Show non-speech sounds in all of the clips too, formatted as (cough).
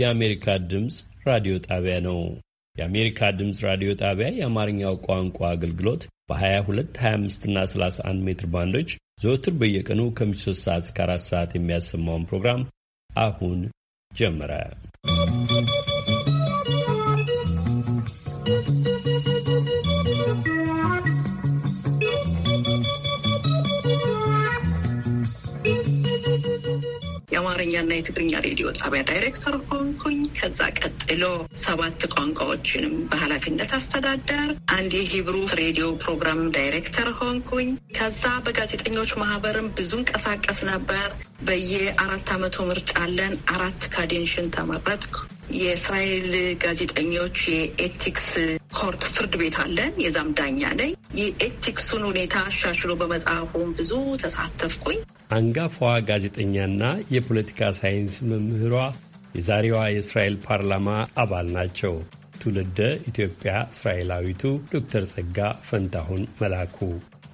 የአሜሪካ ድምፅ ራዲዮ ጣቢያ ነው። የአሜሪካ ድምፅ ራዲዮ ጣቢያ የአማርኛው ቋንቋ አገልግሎት በ22፣ 25ና 31 ሜትር ባንዶች ዘወትር በየቀኑ ከምሽቱ 3 ሰዓት እስከ 4 ሰዓት የሚያሰማውን ፕሮግራም አሁን ጀመረ። የኦሮምኛና የትግርኛ ሬዲዮ ጣቢያ ዳይሬክተር ሆንኩኝ። ከዛ ቀጥሎ ሰባት ቋንቋዎችንም በኃላፊነት አስተዳደር፣ አንድ የሂብሩ ሬዲዮ ፕሮግራም ዳይሬክተር ሆንኩኝ። ከዛ በጋዜጠኞች ማህበርም ብዙ እንቀሳቀስ ነበር። በየአራት ዓመቱ ምርጫ አለን። አራት ካዴንሽን ተመረጥኩ። የእስራኤል ጋዜጠኞች የኤቲክስ ኮርት ፍርድ ቤት አለን። የዛም ዳኛ ነኝ። የኤቲክሱን ሁኔታ አሻሽሎ በመጽሐፉም ብዙ ተሳተፍኩኝ። አንጋፋዋ ጋዜጠኛና የፖለቲካ ሳይንስ መምህሯ የዛሬዋ የእስራኤል ፓርላማ አባል ናቸው። ትውልደ ኢትዮጵያ እስራኤላዊቱ ዶክተር ጸጋ ፈንታሁን መላኩ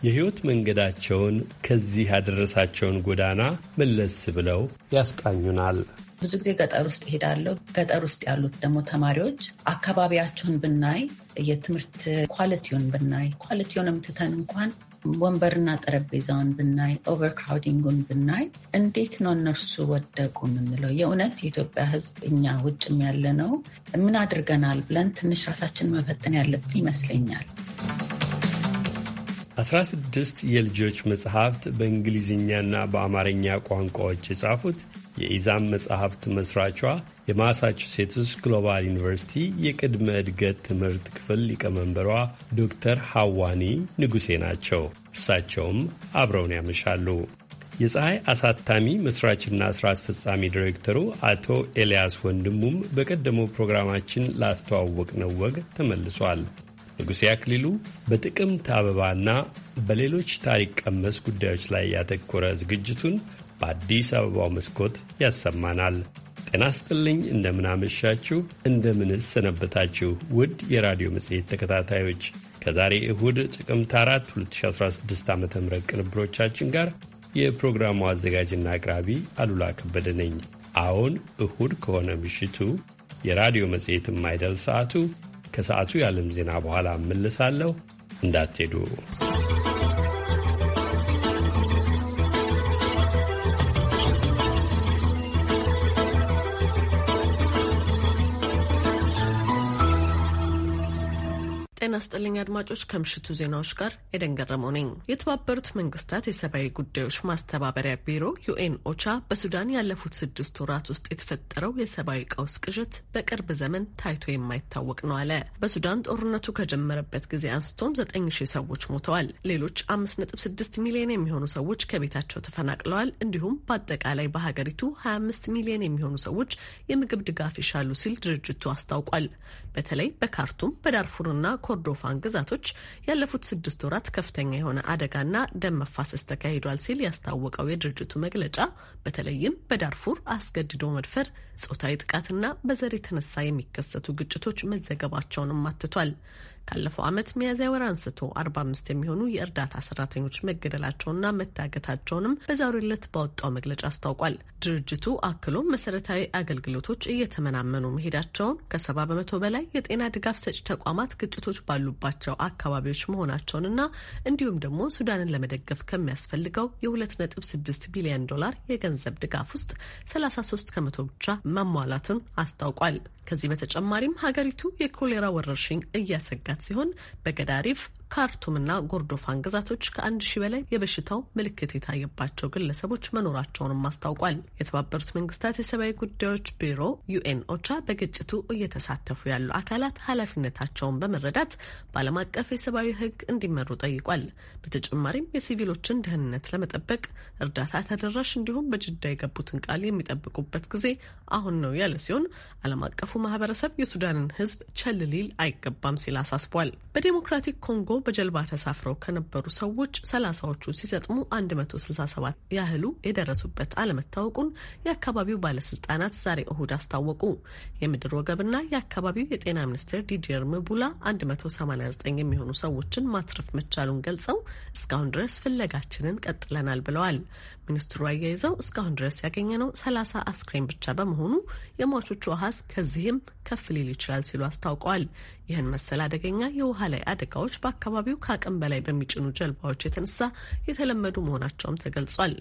የሕይወት መንገዳቸውን ከዚህ ያደረሳቸውን ጎዳና መለስ ብለው ያስቃኙናል። ብዙ ጊዜ ገጠር ውስጥ ይሄዳለሁ ገጠር ውስጥ ያሉት ደግሞ ተማሪዎች አካባቢያቸውን ብናይ፣ የትምህርት ኳሊቲውን ብናይ፣ ኳሊቲውንም ትተን እንኳን ወንበርና ጠረጴዛውን ብናይ፣ ኦቨርክራውዲንጉን ብናይ፣ እንዴት ነው እነርሱ ወደቁ የምንለው? የእውነት የኢትዮጵያ ሕዝብ እኛ ውጭም ያለ ነው ምን አድርገናል ብለን ትንሽ ራሳችን መፈተን ያለብን ይመስለኛል። አስራ ስድስት የልጆች መጽሐፍት በእንግሊዝኛና በአማርኛ ቋንቋዎች የጻፉት የኢዛም መጽሐፍት መስራቿ የማሳቹሴትስ ግሎባል ዩኒቨርሲቲ የቅድመ እድገት ትምህርት ክፍል ሊቀመንበሯ ዶክተር ሐዋኒ ንጉሴ ናቸው። እርሳቸውም አብረውን ያመሻሉ። የፀሐይ አሳታሚ መስራችና ሥራ አስፈጻሚ ዲሬክተሩ አቶ ኤልያስ ወንድሙም በቀደመው ፕሮግራማችን ላስተዋወቅ ወግ ተመልሷል። ንጉሴ አክሊሉ በጥቅምት አበባና በሌሎች ታሪክ ቀመስ ጉዳዮች ላይ ያተኮረ ዝግጅቱን በአዲስ አበባው መስኮት ያሰማናል። ጤና ስጥልኝ፣ እንደምናመሻችሁ፣ እንደምንስ ሰነበታችሁ ውድ የራዲዮ መጽሔት ተከታታዮች ከዛሬ እሁድ ጥቅምት 4 2016 ዓ ም ቅንብሮቻችን ጋር የፕሮግራሙ አዘጋጅና አቅራቢ አሉላ ከበደ ነኝ። አሁን እሁድ ከሆነ ምሽቱ የራዲዮ መጽሔትም ማይደል ሰዓቱ ከሰዓቱ የዓለም ዜና በኋላ እመልሳለሁ። እንዳትሄዱ። ጤና ስጥልኝ አድማጮች፣ ከምሽቱ ዜናዎች ጋር ኤደን ገረመው ነኝ። የተባበሩት መንግስታት የሰብአዊ ጉዳዮች ማስተባበሪያ ቢሮ ዩኤን ኦቻ በሱዳን ያለፉት ስድስት ወራት ውስጥ የተፈጠረው የሰብአዊ ቀውስ ቅዠት በቅርብ ዘመን ታይቶ የማይታወቅ ነው አለ። በሱዳን ጦርነቱ ከጀመረበት ጊዜ አንስቶም ዘጠኝ ሺህ ሰዎች ሞተዋል። ሌሎች አምስት ነጥብ ስድስት ሚሊዮን የሚሆኑ ሰዎች ከቤታቸው ተፈናቅለዋል። እንዲሁም በአጠቃላይ በሀገሪቱ ሀያ አምስት ሚሊዮን የሚሆኑ ሰዎች የምግብ ድጋፍ ይሻሉ ሲል ድርጅቱ አስታውቋል። በተለይ በካርቱም በዳርፉርና ኮር ኮርዶፋን ግዛቶች ያለፉት ስድስት ወራት ከፍተኛ የሆነ አደጋና ደም መፋሰስ ተካሂዷል ሲል ያስታወቀው የድርጅቱ መግለጫ በተለይም በዳርፉር አስገድዶ መድፈር ጾታዊ ጥቃትና በዘር የተነሳ የሚከሰቱ ግጭቶች መዘገባቸውንም አትቷል። ካለፈው ዓመት ሚያዝያ ወር አንስቶ 45 የሚሆኑ የእርዳታ ሰራተኞች መገደላቸውና መታገታቸውንም በዛሬው ዕለት ባወጣው መግለጫ አስታውቋል። ድርጅቱ አክሎም መሰረታዊ አገልግሎቶች እየተመናመኑ መሄዳቸውን፣ ከሰባ በመቶ በላይ የጤና ድጋፍ ሰጪ ተቋማት ግጭቶች ባሉባቸው አካባቢዎች መሆናቸውንና እንዲሁም ደግሞ ሱዳንን ለመደገፍ ከሚያስፈልገው የ2.6 ቢሊዮን ዶላር የገንዘብ ድጋፍ ውስጥ 33 ከመቶ ብቻ መሟላቱን አስታውቋል። ከዚህ በተጨማሪም ሀገሪቱ የኮሌራ ወረርሽኝ እያሰጋት ሲሆን በገዳሪፍ ካርቱምና ጎርዶፋን ግዛቶች ከአንድ ሺህ በላይ የበሽታው ምልክት የታየባቸው ግለሰቦች መኖራቸውንም አስታውቋል። የተባበሩት መንግስታት የሰብአዊ ጉዳዮች ቢሮ ዩኤን ኦቻ በግጭቱ እየተሳተፉ ያሉ አካላት ኃላፊነታቸውን በመረዳት በዓለም አቀፍ የሰብአዊ ሕግ እንዲመሩ ጠይቋል። በተጨማሪም የሲቪሎችን ደህንነት ለመጠበቅ እርዳታ ተደራሽ እንዲሁም በጅዳ የገቡትን ቃል የሚጠብቁበት ጊዜ አሁን ነው ያለ ሲሆን ዓለም አቀፍ አቀፉ ማህበረሰብ የሱዳንን ህዝብ ቸል ሊል አይገባም ሲል አሳስቧል። በዴሞክራቲክ ኮንጎ በጀልባ ተሳፍረው ከነበሩ ሰዎች ሰላሳዎቹ ሲሰጥሙ 167 ያህሉ የደረሱበት አለመታወቁን የአካባቢው ባለስልጣናት ዛሬ እሁድ አስታወቁ። የምድር ወገብና የአካባቢው የጤና ሚኒስትር ዲዲር ምቡላ 189 የሚሆኑ ሰዎችን ማትረፍ መቻሉን ገልጸው እስካሁን ድረስ ፍለጋችንን ቀጥለናል ብለዋል። ሚኒስትሩ አያይዘው እስካሁን ድረስ ያገኘነው ሰላሳ አስክሬን ብቻ በመሆኑ የሟቾቹ አሀዝ ከዚህም ከፍ ሊል ይችላል ሲሉ አስታውቀዋል። ይህን መሰል አደገኛ የውሃ ላይ አደጋዎች በአካባቢው ከአቅም በላይ በሚጭኑ ጀልባዎች የተነሳ የተለመዱ መሆናቸውም ተገልጿል።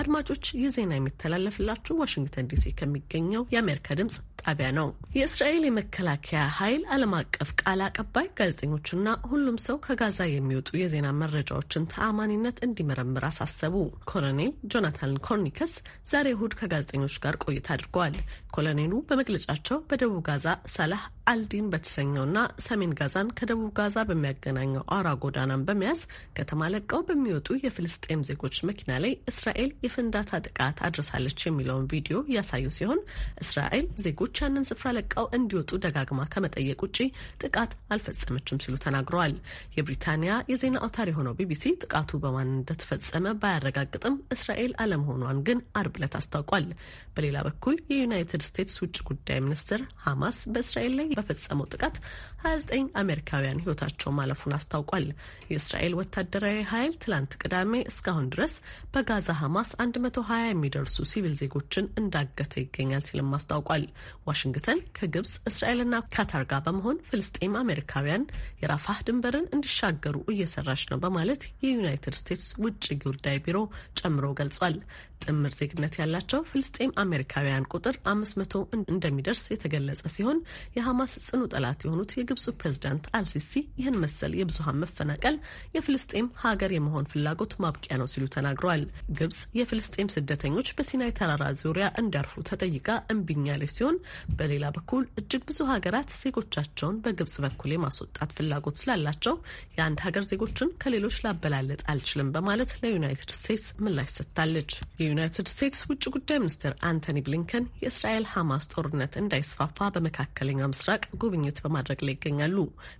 አድማጮች ይህ ዜና የሚተላለፍላችሁ ዋሽንግተን ዲሲ ከሚገኘው የአሜሪካ ድምጽ ጣቢያ ነው። የእስራኤል የመከላከያ ኃይል ዓለም አቀፍ ቃል አቀባይ ጋዜጠኞችና ሁሉም ሰው ከጋዛ የሚወጡ የዜና መረጃዎችን ተአማኒነት እንዲመረምር አሳሰቡ። ኮሎኔል ጆናታን ኮርኒከስ ዛሬ እሁድ ከጋዜጠኞች ጋር ቆይታ አድርገዋል። ኮሎኔሉ በመግለጫቸው በደቡብ ጋዛ ሰላህ አልዲን በተሰኘውና ሰሜን ጋዛን ከደቡብ ጋዛ በሚያገናኘው አውራ ጎዳናን በመያዝ ከተማ ለቀው በሚወጡ የፍልስጤም ዜጎች መኪና ላይ እስራኤል የፍንዳታ ጥቃት አድርሳለች የሚለውን ቪዲዮ ያሳዩ ሲሆን እስራኤል ዜጎች ያንን ስፍራ ለቀው እንዲወጡ ደጋግማ ከመጠየቅ ውጪ ጥቃት አልፈጸመችም ሲሉ ተናግረዋል። የብሪታንያ የዜና አውታር የሆነው ቢቢሲ ጥቃቱ በማን እንደተፈጸመ ባያረጋግጥም እስራኤል አለመሆኗን ግን አርብ ዕለት አስታውቋል። በሌላ በኩል የዩናይትድ ስቴትስ ውጭ ጉዳይ ሚኒስትር ሐማስ በእስራኤል ላይ በፈጸመው ጥቃት 29 አሜሪካውያን ህይወታቸው ማለፉን አስታውቋል። የእስራኤል ወታደራዊ ኃይል ትላንት ቅዳሜ እስካሁን ድረስ በጋዛ ሐማስ 120 የሚደርሱ ሲቪል ዜጎችን እንዳገተ ይገኛል ሲልም አስታውቋል። ዋሽንግተን ከግብጽ እስራኤልና ካታር ጋር በመሆን ፍልስጤም አሜሪካውያን የራፋህ ድንበርን እንዲሻገሩ እየሰራች ነው በማለት የዩናይትድ ስቴትስ ውጭ ጉዳይ ቢሮ ጨምሮ ገልጿል። ጥምር ዜግነት ያላቸው ፍልስጤም አሜሪካውያን ቁጥር 500 እንደሚደርስ የተገለጸ ሲሆን የሐማስ ጽኑ ጠላት የሆኑት የግብፁ ፕሬዝዳንት አልሲሲ ይህን መሰል የብዙሀን መፈናቀል የፍልስጤም ሀገር የመሆን ፍላጎት ማብቂያ ነው ሲሉ ተናግረዋል። ግብፅ የፍልስጤም ስደተኞች በሲናይ ተራራ ዙሪያ እንዲያርፉ ተጠይቃ እምቢኝ ሲሆን፣ በሌላ በኩል እጅግ ብዙ ሀገራት ዜጎቻቸውን በግብጽ በኩል የማስወጣት ፍላጎት ስላላቸው የአንድ ሀገር ዜጎችን ከሌሎች ላበላለጥ አልችልም በማለት ለዩናይትድ ስቴትስ ምላሽ ሰጥታለች። የዩናይትድ ስቴትስ ውጭ ጉዳይ ሚኒስትር አንቶኒ ብሊንከን የእስራኤል ሐማስ ጦርነት እንዳይስፋፋ በመካከለኛው ምስራቅ ጉብኝት በማድረግ ላይ ይገኛሉ።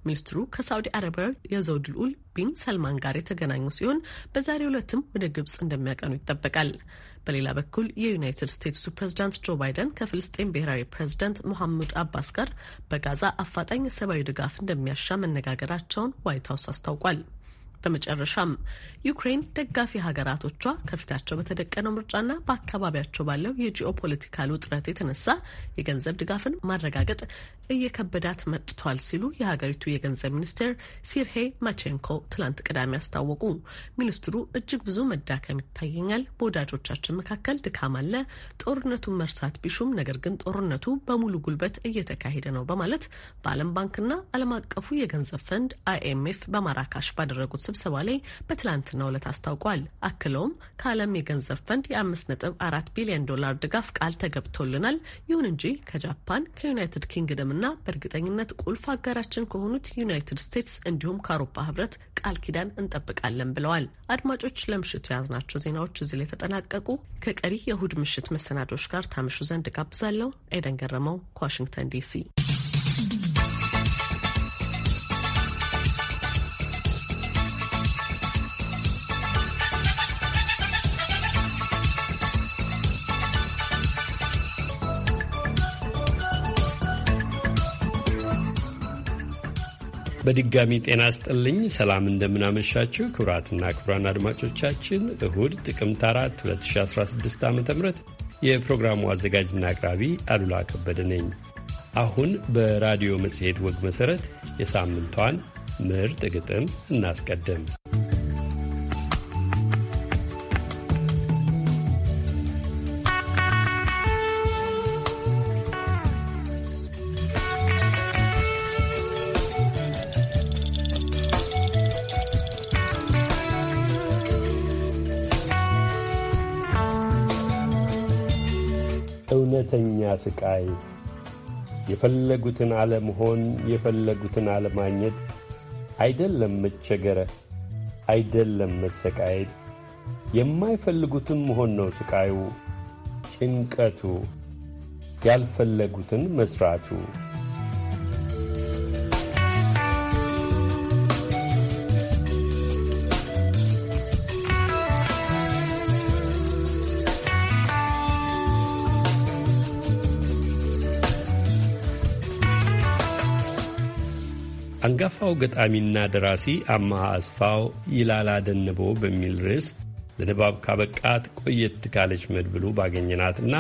ሚኒስትሩ ከሳዑዲ አረቢያው የዘውድ ልዑል ቢን ሰልማን ጋር የተገናኙ ሲሆን በዛሬው ዕለትም ወደ ግብጽ እንደሚያቀኑ ይጠበቃል። በሌላ በኩል የዩናይትድ ስቴትሱ ፕሬዝዳንት ጆ ባይደን ከፍልስጤን ብሔራዊ ፕሬዝዳንት መሐሙድ አባስ ጋር በጋዛ አፋጣኝ ሰብአዊ ድጋፍ እንደሚያሻ መነጋገራቸውን ዋይት ሀውስ አስታውቋል። በመጨረሻም ዩክሬን ደጋፊ ሀገራቶቿ ከፊታቸው በተደቀነው ምርጫና በአካባቢያቸው ባለው የጂኦፖለቲካል ውጥረት የተነሳ የገንዘብ ድጋፍን ማረጋገጥ እየከበዳት መጥቷል ሲሉ የሀገሪቱ የገንዘብ ሚኒስቴር ሲርሄ ማቼንኮ ትላንት ቅዳሜ አስታወቁ። ሚኒስትሩ እጅግ ብዙ መዳከም ይታየኛል፣ በወዳጆቻችን መካከል ድካም አለ። ጦርነቱን መርሳት ቢሹም ነገር ግን ጦርነቱ በሙሉ ጉልበት እየተካሄደ ነው በማለት በዓለም ባንክና ዓለም አቀፉ የገንዘብ ፈንድ አይኤምኤፍ በማራካሽ ባደረጉት ስብሰባ ላይ በትላንትናው ዕለት አስታውቋል። አክለውም ከዓለም የገንዘብ ፈንድ የአምስት ነጥብ አራት ቢሊዮን ዶላር ድጋፍ ቃል ተገብቶልናል። ይሁን እንጂ ከጃፓን ከዩናይትድ ኪንግደም እና በእርግጠኝነት ቁልፍ አጋራችን ከሆኑት ዩናይትድ ስቴትስ እንዲሁም ከአውሮፓ ህብረት ቃል ኪዳን እንጠብቃለን ብለዋል። አድማጮች ለምሽቱ የያዝናቸው ዜናዎች እዚህ ላይ ተጠናቀቁ። ከቀሪ የእሁድ ምሽት መሰናዶች ጋር ታምሹ ዘንድ ጋብዛለሁ። ኤደን ገረመው ከዋሽንግተን ዲሲ በድጋሚ ጤና ስጥልኝ። ሰላም እንደምናመሻችሁ ክቡራትና ክቡራን አድማጮቻችን እሁድ ጥቅምት 4 2016 ዓ ም የፕሮግራሙ አዘጋጅና አቅራቢ አሉላ ከበደ ነኝ። አሁን በራዲዮ መጽሔት ወግ መሠረት የሳምንቷን ምርጥ ግጥም እናስቀድም። እውነተኛ ሥቃይ የፈለጉትን አለመሆን፣ የፈለጉትን አለማግኘት አይደለም መቸገረ፣ አይደለም መሰቃየት፣ የማይፈልጉትም መሆን ነው ሥቃዩ፣ ጭንቀቱ፣ ያልፈለጉትን መሥራቱ። አንጋፋው ገጣሚና ደራሲ አማሃ አስፋው ይላላ ደንቦ በሚል ርዕስ ለንባብ ካበቃት ቆየት ካለች መድብሉ ባገኘናትና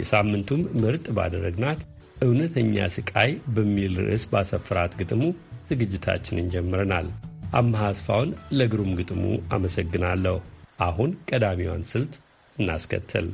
የሳምንቱም ምርጥ ባደረግናት እውነተኛ ስቃይ በሚል ርዕስ ባሰፍራት ግጥሙ ዝግጅታችንን ጀምረናል። አማሃ አስፋውን ለግሩም ግጥሙ አመሰግናለሁ። አሁን ቀዳሚዋን ስልት እናስከትል።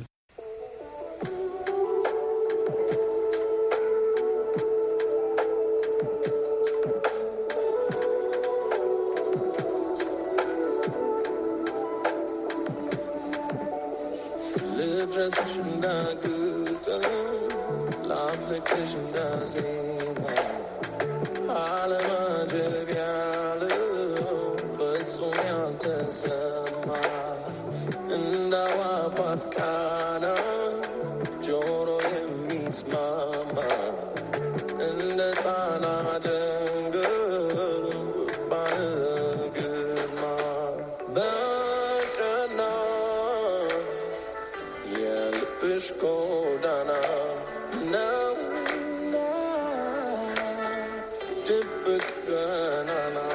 جبت انا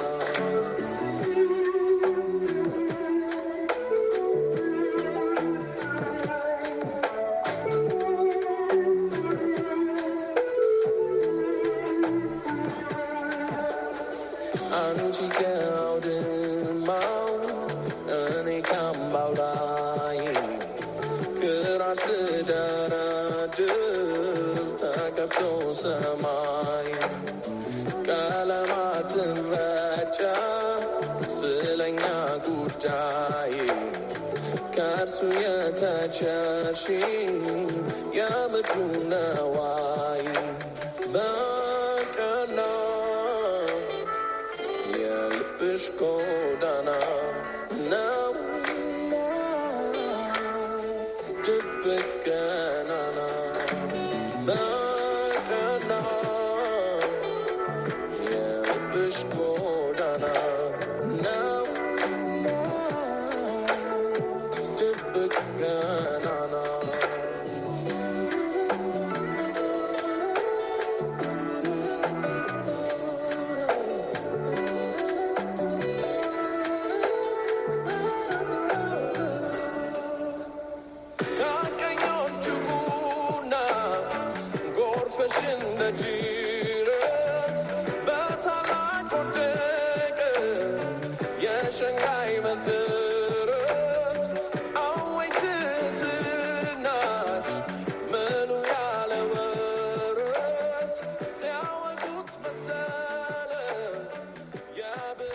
ماشي يا مجنونه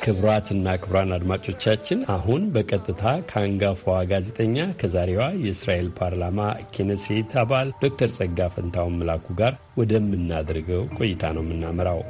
ክብራትና ክብራን አድማጮቻችን አሁን በቀጥታ ከአንጋፋዋ ጋዜጠኛ ከዛሬዋ የእስራኤል ፓርላማ ኬነሴት አባል ዶክተር ጸጋ ፈንታውን መላኩ ጋር ወደምናደርገው ቆይታ ነው የምናመራው።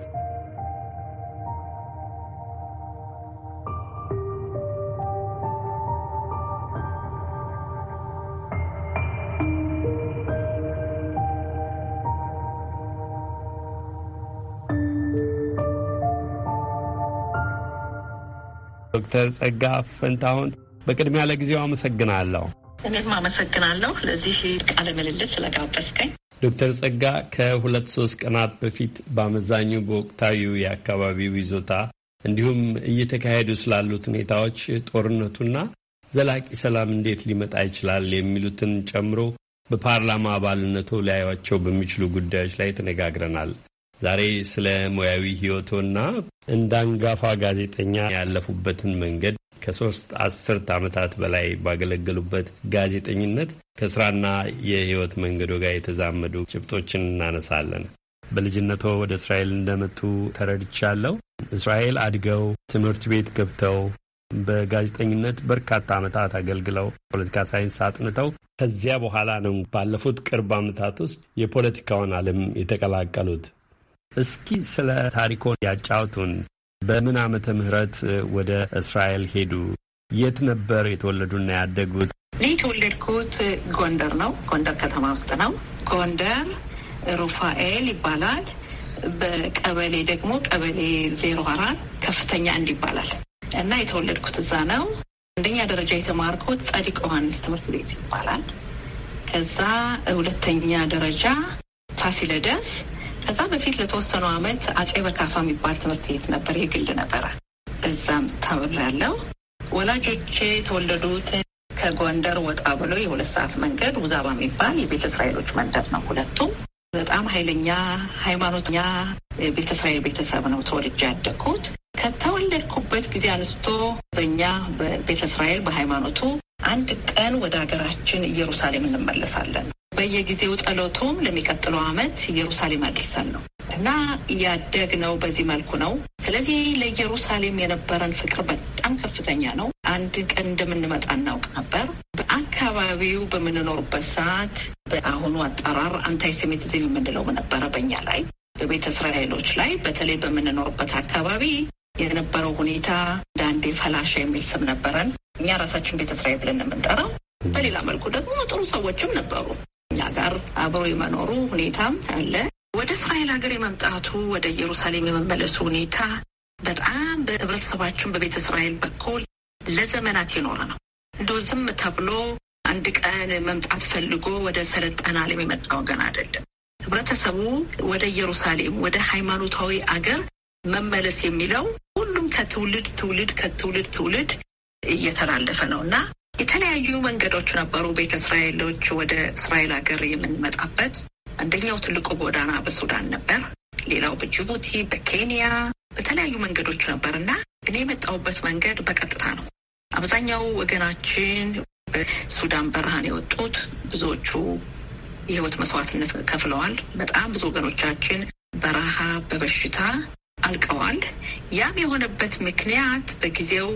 ዶክተር ጸጋ ፈንታሁን በቅድሚያ ለጊዜው አመሰግናለሁ። እኔም አመሰግናለሁ ለዚህ ቃለ ምልልስ ስለጋበዝከኝ። ዶክተር ጸጋ ከሁለት ሶስት ቀናት በፊት በአመዛኙ በወቅታዊው የአካባቢው ይዞታ እንዲሁም እየተካሄዱ ስላሉት ሁኔታዎች ጦርነቱና ዘላቂ ሰላም እንዴት ሊመጣ ይችላል የሚሉትን ጨምሮ በፓርላማ አባልነቱ ሊያዩቸው በሚችሉ ጉዳዮች ላይ ተነጋግረናል። ዛሬ ስለ ሙያዊ ህይወቶና እንደ ጋዜጠኛ ያለፉበትን መንገድ ከሶስት አስርት ዓመታት በላይ ባገለገሉበት ጋዜጠኝነት ከስራና የህይወት መንገዶ ጋር የተዛመዱ ጭብጦችን እናነሳለን። በልጅነቶ ወደ እስራኤል እንደመጡ ተረድቻለሁ። እስራኤል አድገው ትምህርት ቤት ገብተው በጋዜጠኝነት በርካታ ዓመታት አገልግለው ፖለቲካ ሳይንስ አጥንተው ከዚያ በኋላ ነው ባለፉት ቅርብ ዓመታት ውስጥ የፖለቲካውን ዓለም የተቀላቀሉት። እስኪ ስለ ታሪኮን ያጫውቱን። በምን ዓመተ ምህረት ወደ እስራኤል ሄዱ? የት ነበር የተወለዱና ያደጉት? እኔ የተወለድኩት ጎንደር ነው። ጎንደር ከተማ ውስጥ ነው። ጎንደር ሩፋኤል ይባላል። በቀበሌ ደግሞ ቀበሌ ዜሮ አራት ከፍተኛ አንድ ይባላል እና የተወለድኩት እዛ ነው። አንደኛ ደረጃ የተማርኩት ጸዲቅ ዮሐንስ ትምህርት ቤት ይባላል። ከዛ ሁለተኛ ደረጃ ፋሲለደስ ከዛ በፊት ለተወሰኑ አመት አጼ በካፋ የሚባል ትምህርት ቤት ነበር፣ የግል ነበረ። እዛም ያለው። ወላጆቼ የተወለዱት ከጎንደር ወጣ ብሎ የሁለት ሰዓት መንገድ ውዛባ የሚባል የቤተ እስራኤሎች መንደር ነው። ሁለቱም በጣም ኃይለኛ ሃይማኖተኛ ቤተ እስራኤል ቤተሰብ ነው ተወልጄ ያደግኩት። ከተወለድኩበት ጊዜ አንስቶ በእኛ በቤተ እስራኤል በሃይማኖቱ አንድ ቀን ወደ ሀገራችን ኢየሩሳሌም እንመለሳለን በየጊዜው ጸሎቱም ለሚቀጥለው ዓመት ኢየሩሳሌም አድርሰን ነው እና ያደግነው በዚህ መልኩ ነው። ስለዚህ ለኢየሩሳሌም የነበረን ፍቅር በጣም ከፍተኛ ነው። አንድ ቀን እንደምንመጣ እናውቅ ነበር። በአካባቢው በምንኖርበት ሰዓት በአሁኑ አጠራር አንታይሴሚቲዝም የምንለው ነበረ በእኛ ላይ በቤተ እስራኤሎች ላይ በተለይ በምንኖርበት አካባቢ የነበረው ሁኔታ ዳንዴ ፈላሻ የሚል ስም ነበረን። እኛ ራሳችን ቤተ እስራኤል ብለን የምንጠራው። በሌላ መልኩ ደግሞ ጥሩ ሰዎችም ነበሩ። ከኛ ጋር አብሮ የመኖሩ ሁኔታም አለ። ወደ እስራኤል ሀገር የመምጣቱ ወደ ኢየሩሳሌም የመመለሱ ሁኔታ በጣም በህብረተሰባችን በቤተ እስራኤል በኩል ለዘመናት የኖረ ነው። እንደው ዝም ተብሎ አንድ ቀን መምጣት ፈልጎ ወደ ሰለጠነ ዓለም የመጣ ወገን አይደለም። ህብረተሰቡ ወደ ኢየሩሳሌም ወደ ሃይማኖታዊ አገር መመለስ የሚለው ሁሉም ከትውልድ ትውልድ ከትውልድ ትውልድ እየተላለፈ ነው እና የተለያዩ መንገዶች ነበሩ። ቤተ እስራኤሎች ወደ እስራኤል ሀገር የምንመጣበት አንደኛው ትልቁ ጎዳና በሱዳን ነበር። ሌላው በጅቡቲ፣ በኬንያ በተለያዩ መንገዶች ነበር እና እኔ የመጣሁበት መንገድ በቀጥታ ነው። አብዛኛው ወገናችን በሱዳን በረሃን የወጡት ብዙዎቹ የህይወት መስዋዕትነት ከፍለዋል። በጣም ብዙ ወገኖቻችን በረሃ በበሽታ አልቀዋል። ያም የሆነበት ምክንያት በጊዜው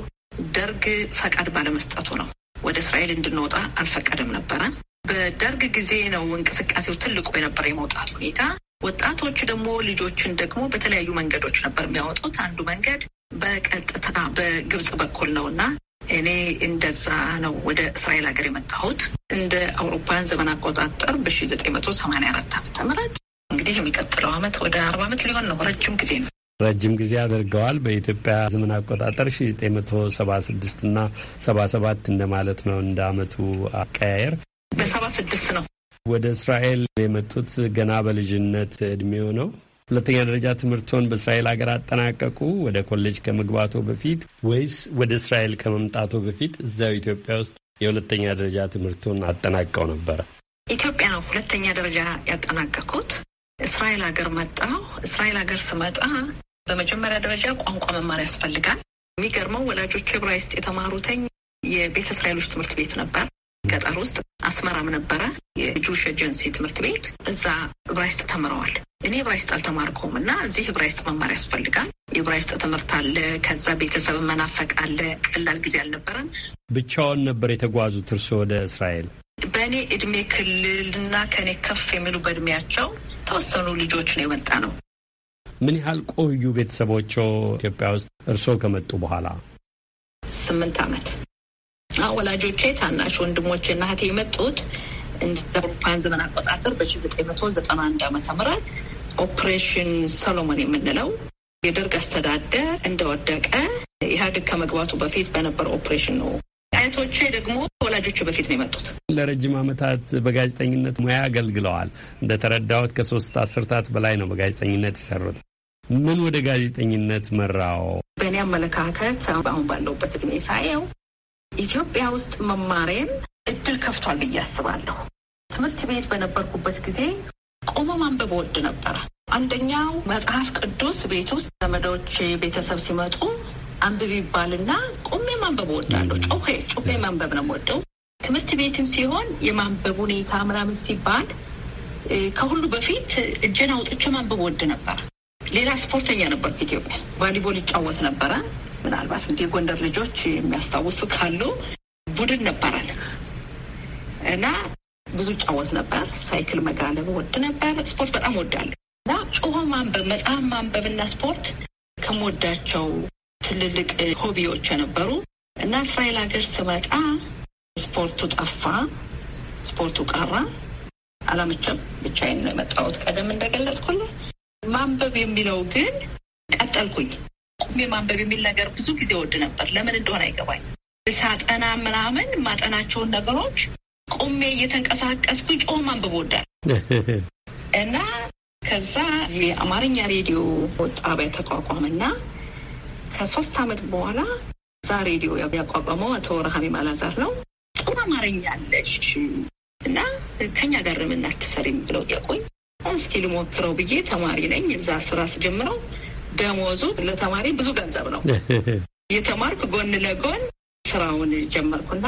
ደርግ ፈቃድ ባለመስጠቱ ነው። ወደ እስራኤል እንድንወጣ አልፈቀደም ነበረ። በደርግ ጊዜ ነው እንቅስቃሴው ትልቁ የነበረ የመውጣት ሁኔታ። ወጣቶች ደግሞ ልጆችን ደግሞ በተለያዩ መንገዶች ነበር የሚያወጡት። አንዱ መንገድ በቀጥታ በግብጽ በኩል ነው እና እኔ እንደዛ ነው ወደ እስራኤል ሀገር የመጣሁት እንደ አውሮፓውያን ዘመን አቆጣጠር በሺ ዘጠኝ መቶ ሰማንያ አራት ዓመተ ምህረት እንግዲህ የሚቀጥለው አመት ወደ አርባ አመት ሊሆን ነው። ረጅም ጊዜ ነው። ረጅም ጊዜ አድርገዋል። በኢትዮጵያ ዘመን አቆጣጠር 1976 እና 77 እንደማለት ነው እንደ አመቱ አቀያየር። በ76 ነው ወደ እስራኤል የመጡት ገና በልጅነት እድሜው ነው። ሁለተኛ ደረጃ ትምህርቶን በእስራኤል ሀገር አጠናቀቁ። ወደ ኮሌጅ ከመግባቶ በፊት ወይስ ወደ እስራኤል ከመምጣቶ በፊት እዚያው ኢትዮጵያ ውስጥ የሁለተኛ ደረጃ ትምህርቶን አጠናቀው ነበረ? ኢትዮጵያ ነው ሁለተኛ ደረጃ ያጠናቀቁት እስራኤል ሀገር መጣሁ። እስራኤል ሀገር ስመጣ በመጀመሪያ ደረጃ ቋንቋ መማር ያስፈልጋል። የሚገርመው ወላጆች ዕብራይስጥ የተማሩተኝ የቤተ እስራኤሎች ትምህርት ቤት ነበር ገጠር ውስጥ አስመራም ነበረ የጁሽ ኤጀንሲ ትምህርት ቤት እዛ ዕብራይስጥ ተምረዋል። እኔ ዕብራይስጥ አልተማርከውም እና እዚህ ዕብራይስጥ መማር ያስፈልጋል። የዕብራይስጥ ትምህርት አለ። ከዛ ቤተሰብ መናፈቅ አለ። ቀላል ጊዜ አልነበረም። ብቻውን ነበር የተጓዙት እርስ ወደ እስራኤል? በእኔ እድሜ ክልል እና ከእኔ ከፍ የሚሉ በእድሜያቸው ተወሰኑ ልጆች ነው የመጣ ነው። ምን ያህል ቆዩ ቤተሰቦች ኢትዮጵያ ውስጥ እርስዎ ከመጡ በኋላ? ስምንት አመት ወላጆቼ፣ ታናሽ ወንድሞቼ እና እህቴ የመጡት እንደ አውሮፓውያን ዘመን አቆጣጠር በሺ ዘጠኝ መቶ ዘጠና አንድ አመተ ምህረት ኦፕሬሽን ሰሎሞን የምንለው የደርግ አስተዳደር እንደወደቀ ኢህአዴግ ከመግባቱ በፊት በነበረ ኦፕሬሽን ነው። አያቶቼ ደግሞ ወላጆቹ በፊት ነው የመጡት። ለረጅም ዓመታት በጋዜጠኝነት ሙያ አገልግለዋል። እንደተረዳሁት ከሶስት አስርታት በላይ ነው በጋዜጠኝነት የሰሩት። ምን ወደ ጋዜጠኝነት መራው? በእኔ አመለካከት አሁን ባለሁበት እድሜ ሳየው ኢትዮጵያ ውስጥ መማሬን እድል ከፍቷል ብዬ አስባለሁ። ትምህርት ቤት በነበርኩበት ጊዜ ቆሞ ማንበብ ወድ ነበረ። አንደኛው መጽሐፍ ቅዱስ ቤት ውስጥ ዘመዶች፣ ቤተሰብ ሲመጡ አንብብ ይባልና ቆሜ ማንበብ ወዳለሁ። ጮሄ ጮሄ ማንበብ ነው ወደው። ትምህርት ቤትም ሲሆን የማንበብ ሁኔታ ምናምን ሲባል ከሁሉ በፊት እጄን አውጥቼ ማንበብ ወድ ነበር። ሌላ ስፖርተኛ ነበርኩ። ኢትዮጵያ ቫሊቦል ይጫወት ነበረ። ምናልባት እንዲህ ጎንደር ልጆች የሚያስታውሱ ካሉ ቡድን ነበረን እና ብዙ ጫወት ነበር። ሳይክል መጋለብ ወድ ነበር። ስፖርት በጣም ወዳለሁ እና ጮሆ ማንበብ፣ መጽሐፍ እና ስፖርት ከምወዳቸው ትልልቅ ሆቢዎች የነበሩ እና እስራኤል ሀገር ስመጣ ስፖርቱ ጠፋ፣ ስፖርቱ ቀራ። አላመቸም። ብቻዬን መጣሁት። ቀደም እንደገለጽኩልህ ማንበብ የሚለው ግን ቀጠልኩኝ። ቁሜ ማንበብ የሚል ነገር ብዙ ጊዜ ወድ ነበር። ለምን እንደሆነ አይገባኝ። ሳጠና ምናምን ማጠናቸውን ነገሮች ቁሜ እየተንቀሳቀስኩኝ ጮ ማንበብ ወዳል (laughs) እና ከዛ የአማርኛ ሬዲዮ ጣቢያ ተቋቋመና ከሶስት አመት በኋላ እዛ ሬዲዮ ያቋቋመው አቶ ረሃሚ ማላዛር ነው። ጥሩ አማርኛ አለሽ እና ከኛ ጋር ምናትሰሪ ብለው ያቆኝ እስኪ ልሞክረው ብዬ ተማሪ ነኝ። እዛ ስራ ስጀምረው ደሞዙ ለተማሪ ብዙ ገንዘብ ነው። (laughs) የተማርኩ ጎን ለጎን ስራውን ጀመርኩና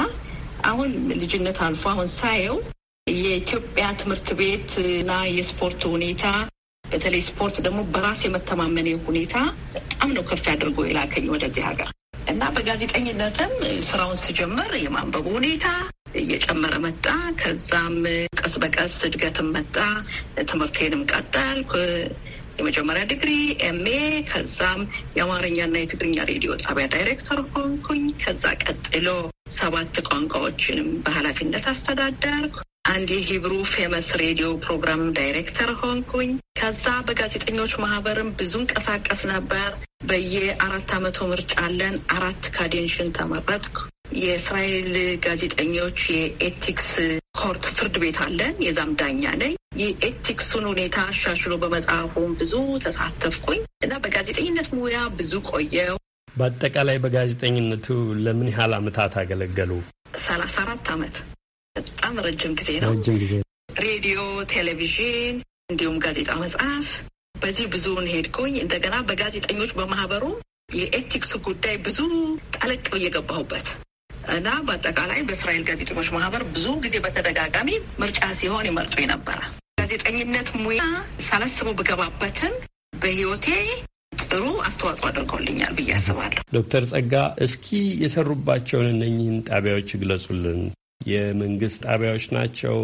አሁን ልጅነት አልፎ አሁን ሳየው የኢትዮጵያ ትምህርት ቤት ና የስፖርት ሁኔታ በተለይ ስፖርት ደግሞ በራስ የመተማመኔ ሁኔታ በጣም ነው ከፍ አድርጎ የላከኝ ወደዚህ ሀገር እና በጋዜጠኝነትም ስራውን ስጀምር የማንበቡ ሁኔታ እየጨመረ መጣ። ከዛም ቀስ በቀስ እድገትም መጣ። ትምህርቴንም ቀጠልኩ። የመጀመሪያ ዲግሪ ኤምኤ፣ ከዛም የአማርኛና የትግርኛ ሬዲዮ ጣቢያ ዳይሬክተር ሆንኩኝ። ከዛ ቀጥሎ ሰባት ቋንቋዎችንም በኃላፊነት አስተዳደርኩ። አንድ የሂብሩ ፌመስ ሬዲዮ ፕሮግራም ዳይሬክተር ሆንኩኝ። ከዛ በጋዜጠኞች ማህበርም ብዙ እንቀሳቀስ ነበር። በየአራት አመቱ ምርጫ አለን። አራት ካዴንሽን ተመረጥኩ። የእስራኤል ጋዜጠኞች የኤቲክስ ኮርት ፍርድ ቤት አለን። የዛም ዳኛ ነኝ። የኤቲክሱን ሁኔታ አሻሽሎ በመጽሐፉም ብዙ ተሳተፍኩኝ እና በጋዜጠኝነት ሙያ ብዙ ቆየው። በአጠቃላይ በጋዜጠኝነቱ ለምን ያህል አመታት አገለገሉ? ሰላሳ አራት አመት በጣም ረጅም ጊዜ ነው። ረጅም ጊዜ ሬዲዮ፣ ቴሌቪዥን እንዲሁም ጋዜጣ፣ መጽሐፍ በዚህ ብዙውን ሄድኩኝ። እንደገና በጋዜጠኞች በማህበሩ የኤቲክስ ጉዳይ ብዙ ጠለቅ እየገባሁበት እና በአጠቃላይ በእስራኤል ጋዜጠኞች ማህበር ብዙ ጊዜ በተደጋጋሚ ምርጫ ሲሆን ይመርጡ ነበረ። ጋዜጠኝነት ሙያ ሳላስበው ብገባበትም በህይወቴ ጥሩ አስተዋጽኦ አድርገውልኛል ብዬ አስባለሁ። ዶክተር ጸጋ እስኪ የሰሩባቸውን እነኝህን ጣቢያዎች ይግለጹልን። የመንግስት ጣቢያዎች ናቸው።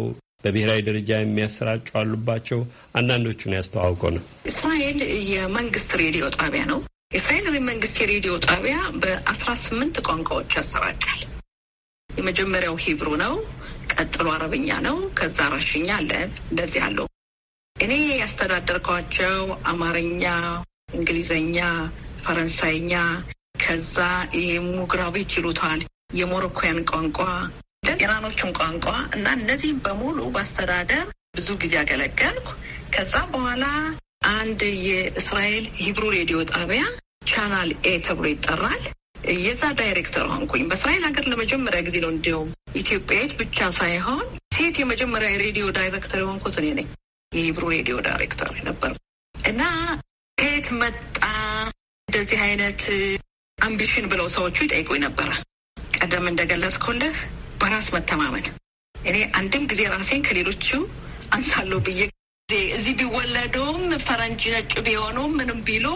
በብሔራዊ ደረጃ የሚያሰራጩ አሉባቸው። አንዳንዶቹን ያስተዋውቀው ነው። እስራኤል የመንግስት ሬዲዮ ጣቢያ ነው። የእስራኤል መንግስት የሬዲዮ ጣቢያ በአስራ ስምንት ቋንቋዎች ያሰራጫል። የመጀመሪያው ሂብሩ ነው። ቀጥሎ አረብኛ ነው። ከዛ ራሽኛ አለ። እንደዚህ አለው። እኔ ያስተዳደርኳቸው አማርኛ፣ እንግሊዘኛ፣ ፈረንሳይኛ ከዛ የሙግራቤት ይሉታል የሞሮኮያን ቋንቋ ኢራኖችን ቋንቋ እና እነዚህም በሙሉ በአስተዳደር ብዙ ጊዜ አገለገልኩ። ከዛ በኋላ አንድ የእስራኤል ሂብሩ ሬዲዮ ጣቢያ ቻናል ኤ ተብሎ ይጠራል። የዛ ዳይሬክተር ሆንኩኝ። በእስራኤል ሀገር ለመጀመሪያ ጊዜ ነው እንዲያውም ኢትዮጵያዊት ብቻ ሳይሆን ሴት የመጀመሪያ የሬዲዮ ዳይሬክተር የሆንኩት እኔ ነኝ። የሂብሩ ሬዲዮ ዳይሬክተር ነበር እና ከየት መጣ እንደዚህ አይነት አምቢሽን ብለው ሰዎቹ ይጠይቁኝ ነበረ። ቀደም እንደገለጽኩልህ በራስ መተማመን እኔ አንድም ጊዜ ራሴን ከሌሎቹ አንሳለሁ ብዬ እዚህ ቢወለዱም ፈረንጅ ነጭ ቢሆኑም ምንም ቢሉ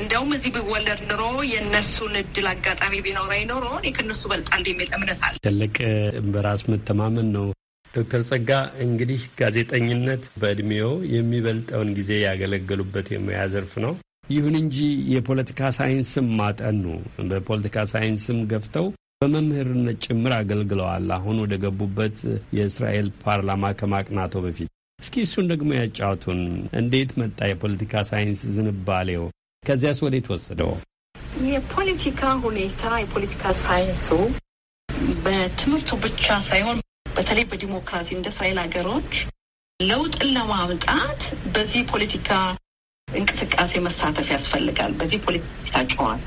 እንደውም እዚህ ብወለድ ኑሮ የእነሱን እድል አጋጣሚ ቢኖረኝ ኖሮ እኔ ከእነሱ በልጣለሁ የሚል እምነት አለ። ትልቅ በራስ መተማመን ነው። ዶክተር ጸጋ እንግዲህ ጋዜጠኝነት በእድሜው የሚበልጠውን ጊዜ ያገለገሉበት የሙያ ዘርፍ ነው። ይሁን እንጂ የፖለቲካ ሳይንስም ማጠኑ በፖለቲካ ሳይንስም ገፍተው በመምህርነት ጭምር አገልግለዋል። አሁን ወደ ገቡበት የእስራኤል ፓርላማ ከማቅናቶ በፊት እስኪ እሱን ደግሞ ያጫውቱን። እንዴት መጣ የፖለቲካ ሳይንስ ዝንባሌው? ከዚያስ ወደ የተወሰደው የፖለቲካ ሁኔታ የፖለቲካ ሳይንሱ በትምህርቱ ብቻ ሳይሆን በተለይ በዲሞክራሲ እንደ እስራኤል ሀገሮች ለውጥን ለማምጣት በዚህ ፖለቲካ እንቅስቃሴ መሳተፍ ያስፈልጋል። በዚህ ፖለቲካ ጨዋታ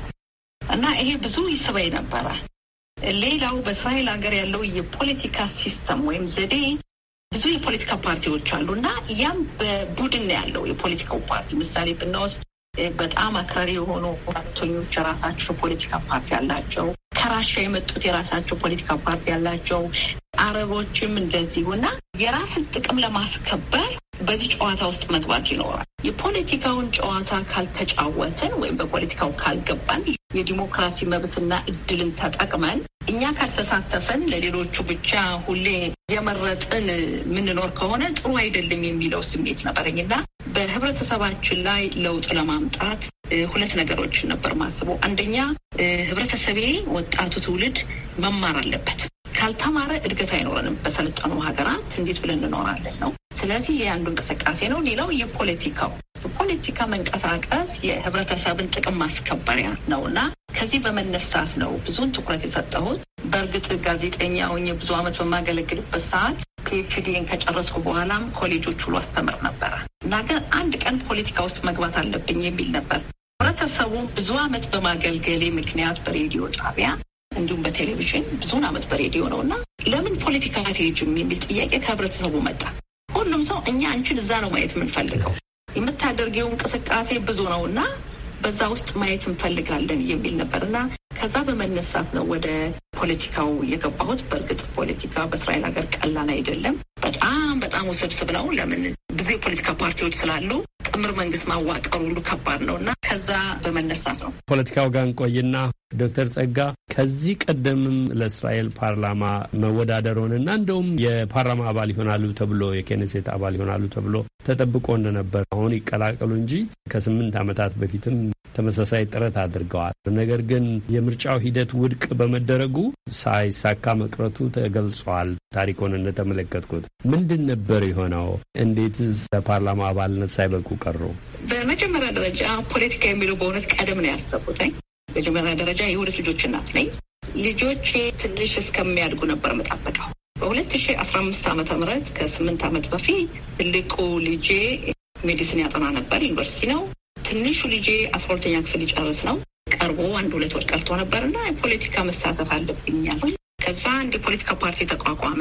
እና ይሄ ብዙ ይስበኝ ነበረ። ሌላው በእስራኤል ሀገር ያለው የፖለቲካ ሲስተም ወይም ዘዴ ብዙ የፖለቲካ ፓርቲዎች አሉ እና ያም በቡድን ያለው የፖለቲካው ፓርቲ ምሳሌ ብናወስድ በጣም አክራሪ የሆኑ ሁለተኞች የራሳቸው ፖለቲካ ፓርቲ አላቸው ከራሻ የመጡት የራሳቸው ፖለቲካ ፓርቲ አላቸው አረቦችም እንደዚሁ እና የራስን ጥቅም ለማስከበር በዚህ ጨዋታ ውስጥ መግባት ይኖራል። የፖለቲካውን ጨዋታ ካልተጫወትን ወይም በፖለቲካው ካልገባን የዲሞክራሲ መብትና እድልን ተጠቅመን እኛ ካልተሳተፈን ለሌሎቹ ብቻ ሁሌ የመረጥን የምንኖር ከሆነ ጥሩ አይደለም የሚለው ስሜት ነበረኝና በህብረተሰባችን ላይ ለውጥ ለማምጣት ሁለት ነገሮችን ነበር ማስበው። አንደኛ ህብረተሰቤ፣ ወጣቱ ትውልድ መማር አለበት። ካልተማረ እድገት አይኖረንም። በሰለጠኑ ሀገራት እንዴት ብለን እንኖራለን ነው። ስለዚህ የአንዱ አንዱ እንቅስቃሴ ነው። ሌላው የፖለቲካው ፖለቲካ መንቀሳቀስ የህብረተሰብን ጥቅም ማስከበሪያ ነው እና ከዚህ በመነሳት ነው ብዙውን ትኩረት የሰጠሁት። በእርግጥ ጋዜጠኛ ሆኜ ብዙ አመት በማገለግልበት ሰዓት ፒኤችዲን ከጨረስኩ በኋላም ኮሌጆች ሁሉ አስተምር ነበረ እና ግን አንድ ቀን ፖለቲካ ውስጥ መግባት አለብኝ የሚል ነበር። ህብረተሰቡ ብዙ አመት በማገልገሌ ምክንያት በሬዲዮ ጣቢያ እንዲሁም በቴሌቪዥን ብዙን አመት በሬዲዮ ነው እና ለምን ፖለቲካ አትሄጂም የሚል ጥያቄ ከህብረተሰቡ መጣ። ሁሉም ሰው እኛ አንቺን እዛ ነው ማየት የምንፈልገው፣ የምታደርጊው እንቅስቃሴ ብዙ ነው እና በዛ ውስጥ ማየት እንፈልጋለን የሚል ነበር እና ከዛ በመነሳት ነው ወደ ፖለቲካው የገባሁት። በእርግጥ ፖለቲካ በእስራኤል ሀገር ቀላል አይደለም። በጣም በጣም ውስብስብ ነው። ለምን ብዙ የፖለቲካ ፓርቲዎች ስላሉ ጥምር መንግስት ማዋቀር ሁሉ ከባድ ነው እና ከዛ በመነሳት ነው ፖለቲካው ጋር እንቆይና ዶክተር ጸጋ ከዚህ ቀደምም ለእስራኤል ፓርላማ መወዳደሩንና እንደውም የፓርላማ አባል ይሆናሉ ተብሎ የኬኔሴት አባል ይሆናሉ ተብሎ ተጠብቆ እንደነበር አሁን ይቀላቀሉ እንጂ ከስምንት ዓመታት በፊትም ተመሳሳይ ጥረት አድርገዋል። ነገር ግን የምርጫው ሂደት ውድቅ በመደረጉ ሳይሳካ መቅረቱ ተገልጿል። ታሪኮን እንደተመለከትኩት ምንድን ነበር የሆነው? እንዴትስ ለፓርላማ አባልነት ሳይበቁ ቀሩ? በመጀመሪያ ደረጃ ፖለቲካ የሚለው በእውነት ቀደም ነው ያሰቡትኝ። መጀመሪያ ደረጃ የሁለት ልጆች እናት ነኝ። ልጆቼ ትንሽ እስከሚያድጉ ነበር መጣበቀው በሁለት ሺ አስራ አምስት ዓመተ ምህረት ከስምንት ዓመት በፊት ትልቁ ልጄ ሜዲሲን ያጠና ነበር። ዩኒቨርሲቲ ነው። ትንሹ ልጄ አስራ ሁለተኛ ክፍል ጨርስ ነው። ቀርቦ አንድ ሁለት ወር ቀርቶ ነበርና የፖለቲካ መሳተፍ አለብኛል። ከዛ አንድ የፖለቲካ ፓርቲ ተቋቋመ።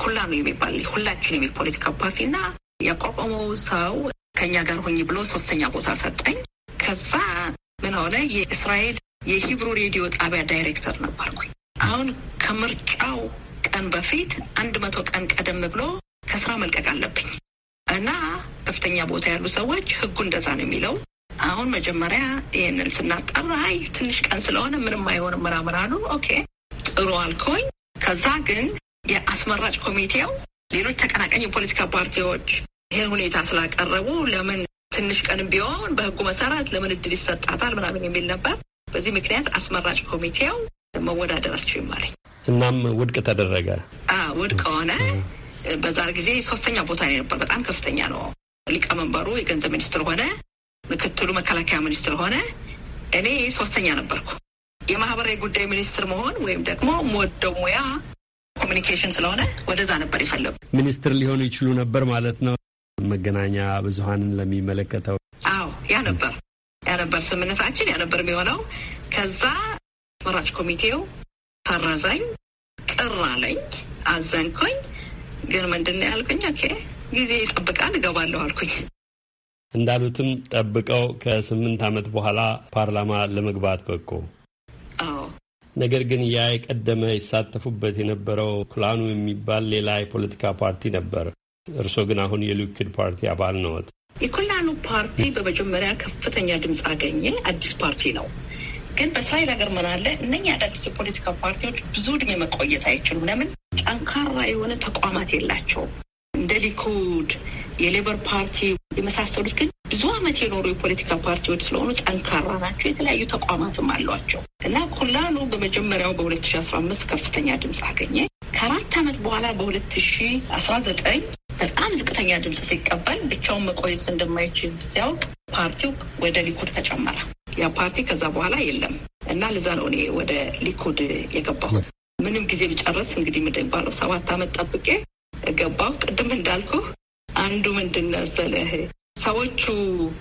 ኩላ ነው የሚባል ሁላችን የሚል ፖለቲካ ፓርቲ እና ያቋቋመው ሰው ከኛ ጋር ሆኝ ብሎ ሶስተኛ ቦታ ሰጠኝ። ከዛ ምን ሆነ የእስራኤል የሂብሩ ሬዲዮ ጣቢያ ዳይሬክተር ነበርኩኝ። አሁን ከምርጫው ቀን በፊት አንድ መቶ ቀን ቀደም ብሎ ከስራ መልቀቅ አለብኝ እና ከፍተኛ ቦታ ያሉ ሰዎች ህጉ እንደዛ ነው የሚለው አሁን መጀመሪያ ይህንን ስናጣራ አይ ትንሽ ቀን ስለሆነ ምንም አይሆንም ምናምን አሉ። ኦኬ ጥሩ አልኮኝ። ከዛ ግን የአስመራጭ ኮሚቴው ሌሎች ተቀናቃኝ የፖለቲካ ፓርቲዎች ይህን ሁኔታ ስላቀረቡ ለምን ትንሽ ቀን ቢሆን በህጉ መሰረት ለምን እድል ይሰጣታል ምናምን የሚል ነበር። በዚህ ምክንያት አስመራጭ ኮሚቴው መወዳደር አልችልም አለኝ። እናም ውድቅ ተደረገ። ውድቅ ሆነ። በዛ ጊዜ ሶስተኛ ቦታ ላይ ነበር። በጣም ከፍተኛ ነው። ሊቀመንበሩ የገንዘብ ሚኒስትር ሆነ። ምክትሉ መከላከያ ሚኒስትር ሆነ። እኔ ሶስተኛ ነበርኩ። የማህበራዊ ጉዳይ ሚኒስትር መሆን ወይም ደግሞ የምወደው ሙያ ኮሚኒኬሽን ስለሆነ ወደዛ ነበር የፈለጉ። ሚኒስትር ሊሆኑ ይችሉ ነበር ማለት ነው። መገናኛ ብዙሀንን ለሚመለከተው አዎ፣ ያ ነበር ያ ነበር ስምነታችን፣ ያ ነበር የሚሆነው። ከዛ አስመራጭ ኮሚቴው ሰረዘኝ፣ ቅር አለኝ፣ አዘንኩኝ። ግን ምንድን ነው ያልኩኝ፣ ኦኬ ጊዜ ይጠብቃል እገባለሁ አልኩኝ። እንዳሉትም ጠብቀው ከስምንት ዓመት በኋላ ፓርላማ ለመግባት በቁ። ነገር ግን ያ የቀደመ ይሳተፉበት የነበረው ክላኑ የሚባል ሌላ የፖለቲካ ፓርቲ ነበር። እርስዎ ግን አሁን የሊኩድ ፓርቲ አባል ነዎት። የኩላኑ ፓርቲ በመጀመሪያ ከፍተኛ ድምፅ አገኘ። አዲስ ፓርቲ ነው። ግን በእስራኤል ሀገር ምን አለ እነኛ አዳዲስ የፖለቲካ ፓርቲዎች ብዙ እድሜ መቆየት አይችሉም። ለምን? ጠንካራ የሆነ ተቋማት የላቸውም። እንደ ሊኩድ የሌበር ፓርቲ የመሳሰሉት ግን ብዙ ዓመት የኖሩ የፖለቲካ ፓርቲዎች ስለሆኑ ጠንካራ ናቸው። የተለያዩ ተቋማትም አሏቸው እና ኩላሉ በመጀመሪያው በ2015 ከፍተኛ ድምፅ አገኘ። ከአራት ዓመት በኋላ በ ዘጠኝ በጣም ዝቅተኛ ድምፅ ሲቀበል ብቻውን መቆየት እንደማይችል ሲያውቅ ፓርቲው ወደ ሊኩድ ተጨመረ። ያ ፓርቲ ከዛ በኋላ የለም እና ለዛ ነው እኔ ወደ ሊኩድ የገባሁ። ምንም ጊዜ ብጨረስ እንግዲህ የምደባለው ሰባት ዓመት ጠብቄ ገባሁ። ቅድም እንዳልኩ አንዱ ምንድን መሰለህ ሰዎቹ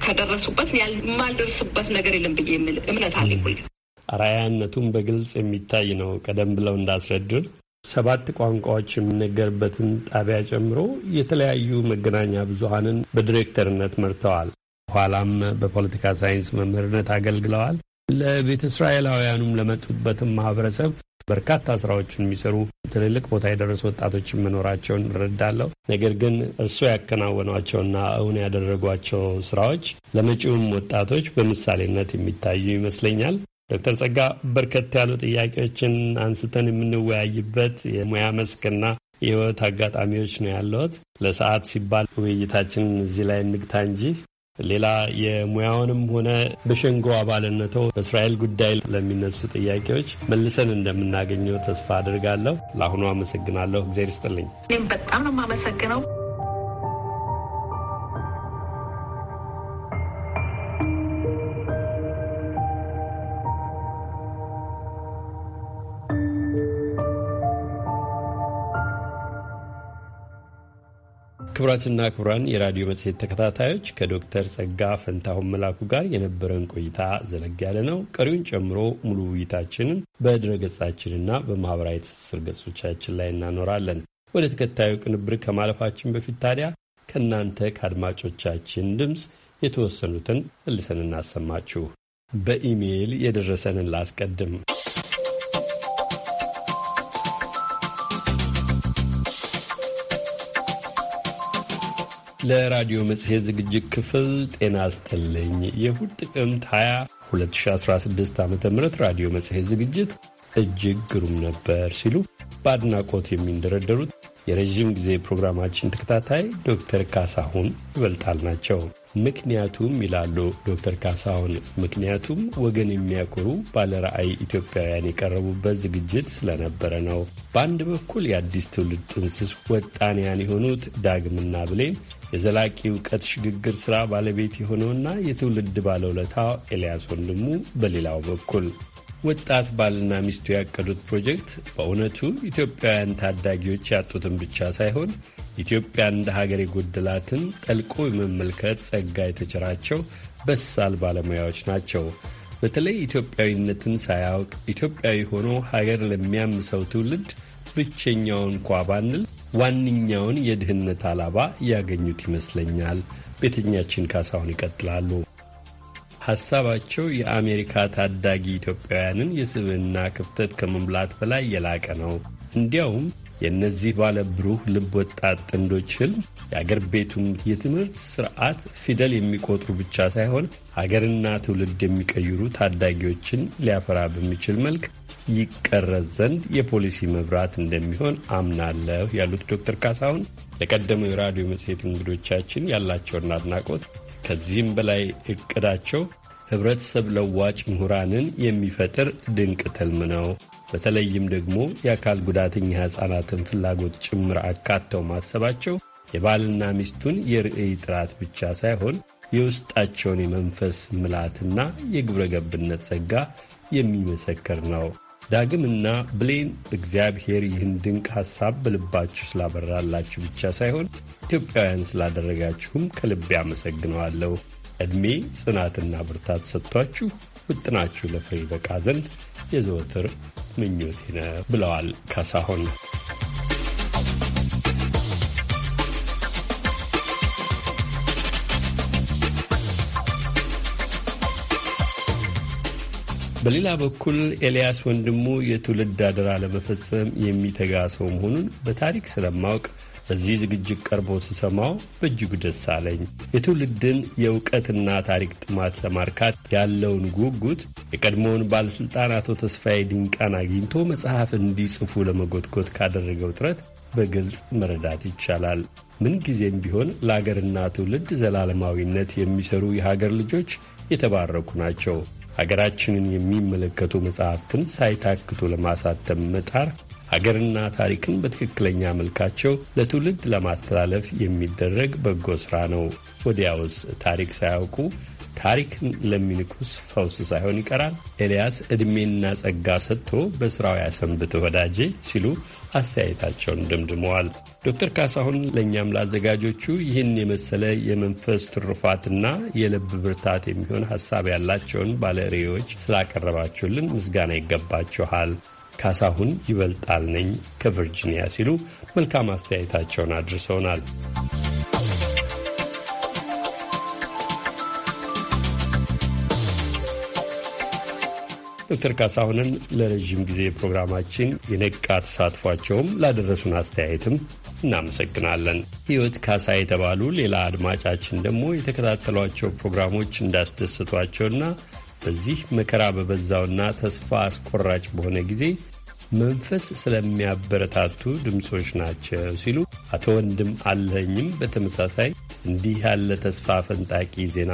ከደረሱበት የማልደርስበት ነገር የለም ብዬ የምል እምነት አለኝ። ሁልጊዜ አርአያነቱም በግልጽ የሚታይ ነው። ቀደም ብለው እንዳስረዱን ሰባት ቋንቋዎች የሚነገርበትን ጣቢያ ጨምሮ የተለያዩ መገናኛ ብዙሀንን በዲሬክተርነት መርተዋል። ኋላም በፖለቲካ ሳይንስ መምህርነት አገልግለዋል። ለቤተ እስራኤላውያኑም ለመጡበትም ማህበረሰብ በርካታ ስራዎችን የሚሰሩ ትልልቅ ቦታ የደረሱ ወጣቶችን መኖራቸውን እረዳለሁ። ነገር ግን እርስዎ ያከናወኗቸውና እውን ያደረጓቸው ስራዎች ለመጪውም ወጣቶች በምሳሌነት የሚታዩ ይመስለኛል። ዶክተር ጸጋ በርከት ያሉ ጥያቄዎችን አንስተን የምንወያይበት የሙያ መስክና የህይወት አጋጣሚዎች ነው ያለዎት። ለሰዓት ሲባል ውይይታችን እዚህ ላይ እንግታ እንጂ ሌላ የሙያውንም ሆነ በሸንጎ አባልነቶ በእስራኤል ጉዳይ ለሚነሱ ጥያቄዎች መልሰን እንደምናገኘው ተስፋ አድርጋለሁ። ለአሁኑ አመሰግናለሁ። እግዜር ይስጥልኝ። እኔም በጣም ነው የማመሰግነው። ክቡራትና ክቡራን የራዲዮ መጽሔት ተከታታዮች ከዶክተር ጸጋ ፈንታሁን መላኩ ጋር የነበረን ቆይታ ዘለግ ያለ ነው። ቀሪውን ጨምሮ ሙሉ ውይይታችንን በድረገጻችንና በማኅበራዊ ትስስር ገጾቻችን ላይ እናኖራለን። ወደ ተከታዩ ቅንብር ከማለፋችን በፊት ታዲያ ከእናንተ ከአድማጮቻችን ድምፅ የተወሰኑትን መልሰን እናሰማችሁ። በኢሜይል የደረሰንን ላስቀድም። ለራዲዮ መጽሔት ዝግጅት ክፍል ጤና አስጠለኝ የእሁድ ጥቅምት 20 2016 ዓ ም ራዲዮ መጽሔት ዝግጅት እጅግ ግሩም ነበር ሲሉ በአድናቆት የሚንደረደሩት የረዥም ጊዜ ፕሮግራማችን ተከታታይ ዶክተር ካሳሁን ይበልጣል ናቸው። ምክንያቱም ይላሉ ዶክተር ካሳሁን ምክንያቱም ወገን የሚያኮሩ ባለራዕይ ኢትዮጵያውያን የቀረቡበት ዝግጅት ስለነበረ ነው። በአንድ በኩል የአዲስ ትውልድ ጥንስስ ወጣንያን የሆኑት ዳግምና ብሌን የዘላቂ እውቀት ሽግግር ሥራ ባለቤት የሆነውና የትውልድ ባለውለታው ኤልያስ ወንድሙ በሌላው በኩል ወጣት ባልና ሚስቱ ያቀዱት ፕሮጀክት በእውነቱ ኢትዮጵያውያን ታዳጊዎች ያጡትን ብቻ ሳይሆን ኢትዮጵያ እንደ ሀገር የጎደላትን ጠልቆ የመመልከት ጸጋ የተቸራቸው በሳል ባለሙያዎች ናቸው። በተለይ ኢትዮጵያዊነትን ሳያውቅ ኢትዮጵያዊ ሆኖ ሀገር ለሚያምሰው ትውልድ ብቸኛውን እንኳ ባንል ዋነኛውን የድህነት አላባ ያገኙት ይመስለኛል። ቤተኛችን ካሳሁን ይቀጥላሉ። ሀሳባቸው የአሜሪካ ታዳጊ ኢትዮጵያውያንን የስብዕና ክፍተት ከመሙላት በላይ የላቀ ነው። እንዲያውም የእነዚህ ባለ ብሩህ ልብ ወጣት ጥንዶች ህልም የአገር ቤቱን የትምህርት ስርዓት ፊደል የሚቆጥሩ ብቻ ሳይሆን ሀገርና ትውልድ የሚቀይሩ ታዳጊዎችን ሊያፈራ በሚችል መልክ ይቀረጽ ዘንድ የፖሊሲ መብራት እንደሚሆን አምናለሁ ያሉት ዶክተር ካሳሁን ለቀደመው የራዲዮ መጽሔት እንግዶቻችን ያላቸውን አድናቆት ከዚህም በላይ እቅዳቸው ህብረተሰብ ለዋጭ ምሁራንን የሚፈጥር ድንቅ ትልም ነው። በተለይም ደግሞ የአካል ጉዳተኛ ሕፃናትን ፍላጎት ጭምር አካተው ማሰባቸው የባልና ሚስቱን የርእይ ጥራት ብቻ ሳይሆን የውስጣቸውን የመንፈስ ምላትና የግብረ ገብነት ጸጋ የሚመሰክር ነው። ዳግምና ብሌን እግዚአብሔር ይህን ድንቅ ሐሳብ በልባችሁ ስላበራላችሁ ብቻ ሳይሆን ኢትዮጵያውያን ስላደረጋችሁም ከልቤ አመሰግነዋለሁ። ዕድሜ ጽናትና ብርታት ሰጥቷችሁ ውጥናችሁ ለፍሬ በቃ ዘንድ የዘወትር ምኞቴ ነው ብለዋል ካሳሁን። በሌላ በኩል ኤልያስ ወንድሙ የትውልድ አደራ ለመፈጸም የሚተጋ ሰው መሆኑን በታሪክ ስለማወቅ በዚህ ዝግጅት ቀርቦ ስሰማው በእጅጉ ደስ አለኝ። የትውልድን የእውቀትና ታሪክ ጥማት ለማርካት ያለውን ጉጉት የቀድሞውን ባለሥልጣን አቶ ተስፋዬ ድንቃን አግኝቶ መጽሐፍ እንዲጽፉ ለመጎትጎት ካደረገው ጥረት በግልጽ መረዳት ይቻላል። ምንጊዜም ቢሆን ለአገርና ትውልድ ዘላለማዊነት የሚሰሩ የሀገር ልጆች የተባረኩ ናቸው። ሀገራችንን የሚመለከቱ መጽሐፍትን ሳይታክቱ ለማሳተም መጣር ሀገርና ታሪክን በትክክለኛ መልካቸው ለትውልድ ለማስተላለፍ የሚደረግ በጎ ሥራ ነው። ወዲያውስ ታሪክ ሳያውቁ ታሪክን ለሚንቁስ ፈውስ ሳይሆን ይቀራል። ኤልያስ ዕድሜና ጸጋ ሰጥቶ በሥራው ያሰንብት ወዳጄ ሲሉ አስተያየታቸውን ደምድመዋል። ዶክተር ካሳሁን ለእኛም ለአዘጋጆቹ ይህን የመሰለ የመንፈስ ትሩፋትና የልብ ብርታት የሚሆን ሀሳብ ያላቸውን ባለሬዎች ስላቀረባችሁልን ምስጋና ይገባችኋል። ካሳሁን ይበልጣል ነኝ ከቨርጂኒያ ሲሉ መልካም አስተያየታቸውን አድርሰውናል። ዶክተር ካሳሁንን ለረዥም ጊዜ ፕሮግራማችን የነቃ ተሳትፏቸውም ላደረሱን አስተያየትም እናመሰግናለን። ሕይወት ካሳ የተባሉ ሌላ አድማጫችን ደግሞ የተከታተሏቸው ፕሮግራሞች እንዳስደሰቷቸውና በዚህ መከራ በበዛውና ተስፋ አስቆራጭ በሆነ ጊዜ መንፈስ ስለሚያበረታቱ ድምፆች ናቸው ሲሉ አቶ ወንድም አለኝም በተመሳሳይ እንዲህ ያለ ተስፋ ፈንጣቂ ዜና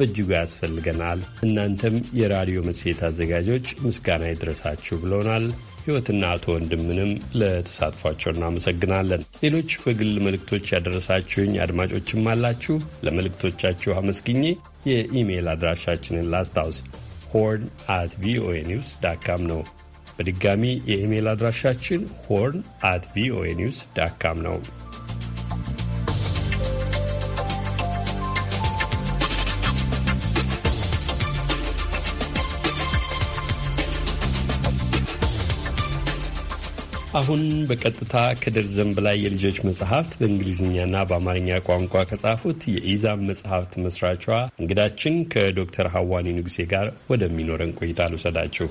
በእጅጉ ያስፈልገናል። እናንተም የራዲዮ መጽሔት አዘጋጆች ምስጋና ይድረሳችሁ ብለውናል። ሕይወትና አቶ ወንድምንም ለተሳትፏቸው እናመሰግናለን። ሌሎች በግል መልእክቶች ያደረሳችሁኝ አድማጮችም አላችሁ። ለመልእክቶቻችሁ አመስግኜ የኢሜይል አድራሻችንን ላስታውስ፣ ሆርን አት ቪኦኤ ኒውስ ዳት ካም ነው። በድጋሚ የኢሜይል አድራሻችን ሆርን አት ቪኦኤ ኒውስ ዳት ነው። አሁን በቀጥታ ከድር ላይ የልጆች መጽሐፍት በእንግሊዝኛና በአማርኛ ቋንቋ ከጻፉት የኢዛም መጽሐፍት መስራቿ እንግዳችን ከዶክተር ሀዋኒ ንጉሴ ጋር ወደሚኖረን ቆይታ ልውሰዳችሁ።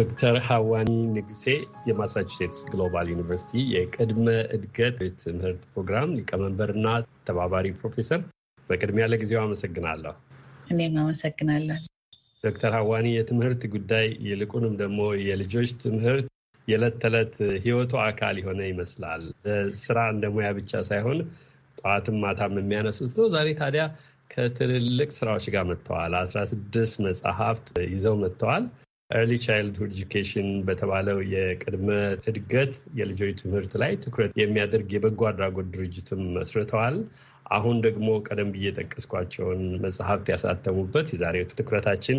ዶክተር ሀዋኒ ንግሴ የማሳቹሴትስ ግሎባል ዩኒቨርሲቲ የቅድመ እድገት ትምህርት ፕሮግራም ሊቀመንበርና ተባባሪ ፕሮፌሰር፣ በቅድሚያ ለጊዜው አመሰግናለሁ። እኔም አመሰግናለሁ ዶክተር ሀዋኒ የትምህርት ጉዳይ ይልቁንም ደግሞ የልጆች ትምህርት የዕለት ተዕለት ህይወቱ አካል የሆነ ይመስላል። ስራ እንደ ሙያ ብቻ ሳይሆን ጠዋትም ማታም የሚያነሱት ነው። ዛሬ ታዲያ ከትልልቅ ስራዎች ጋር መጥተዋል። አስራ ስድስት መጽሐፍት ይዘው መጥተዋል። ኤርሊ ቻይልድሁድ ኤዱኬሽን በተባለው የቅድመ እድገት የልጆች ትምህርት ላይ ትኩረት የሚያደርግ የበጎ አድራጎት ድርጅትም መስርተዋል። አሁን ደግሞ ቀደም ብዬ የጠቀስኳቸውን መጽሐፍት ያሳተሙበት የዛሬው ትኩረታችን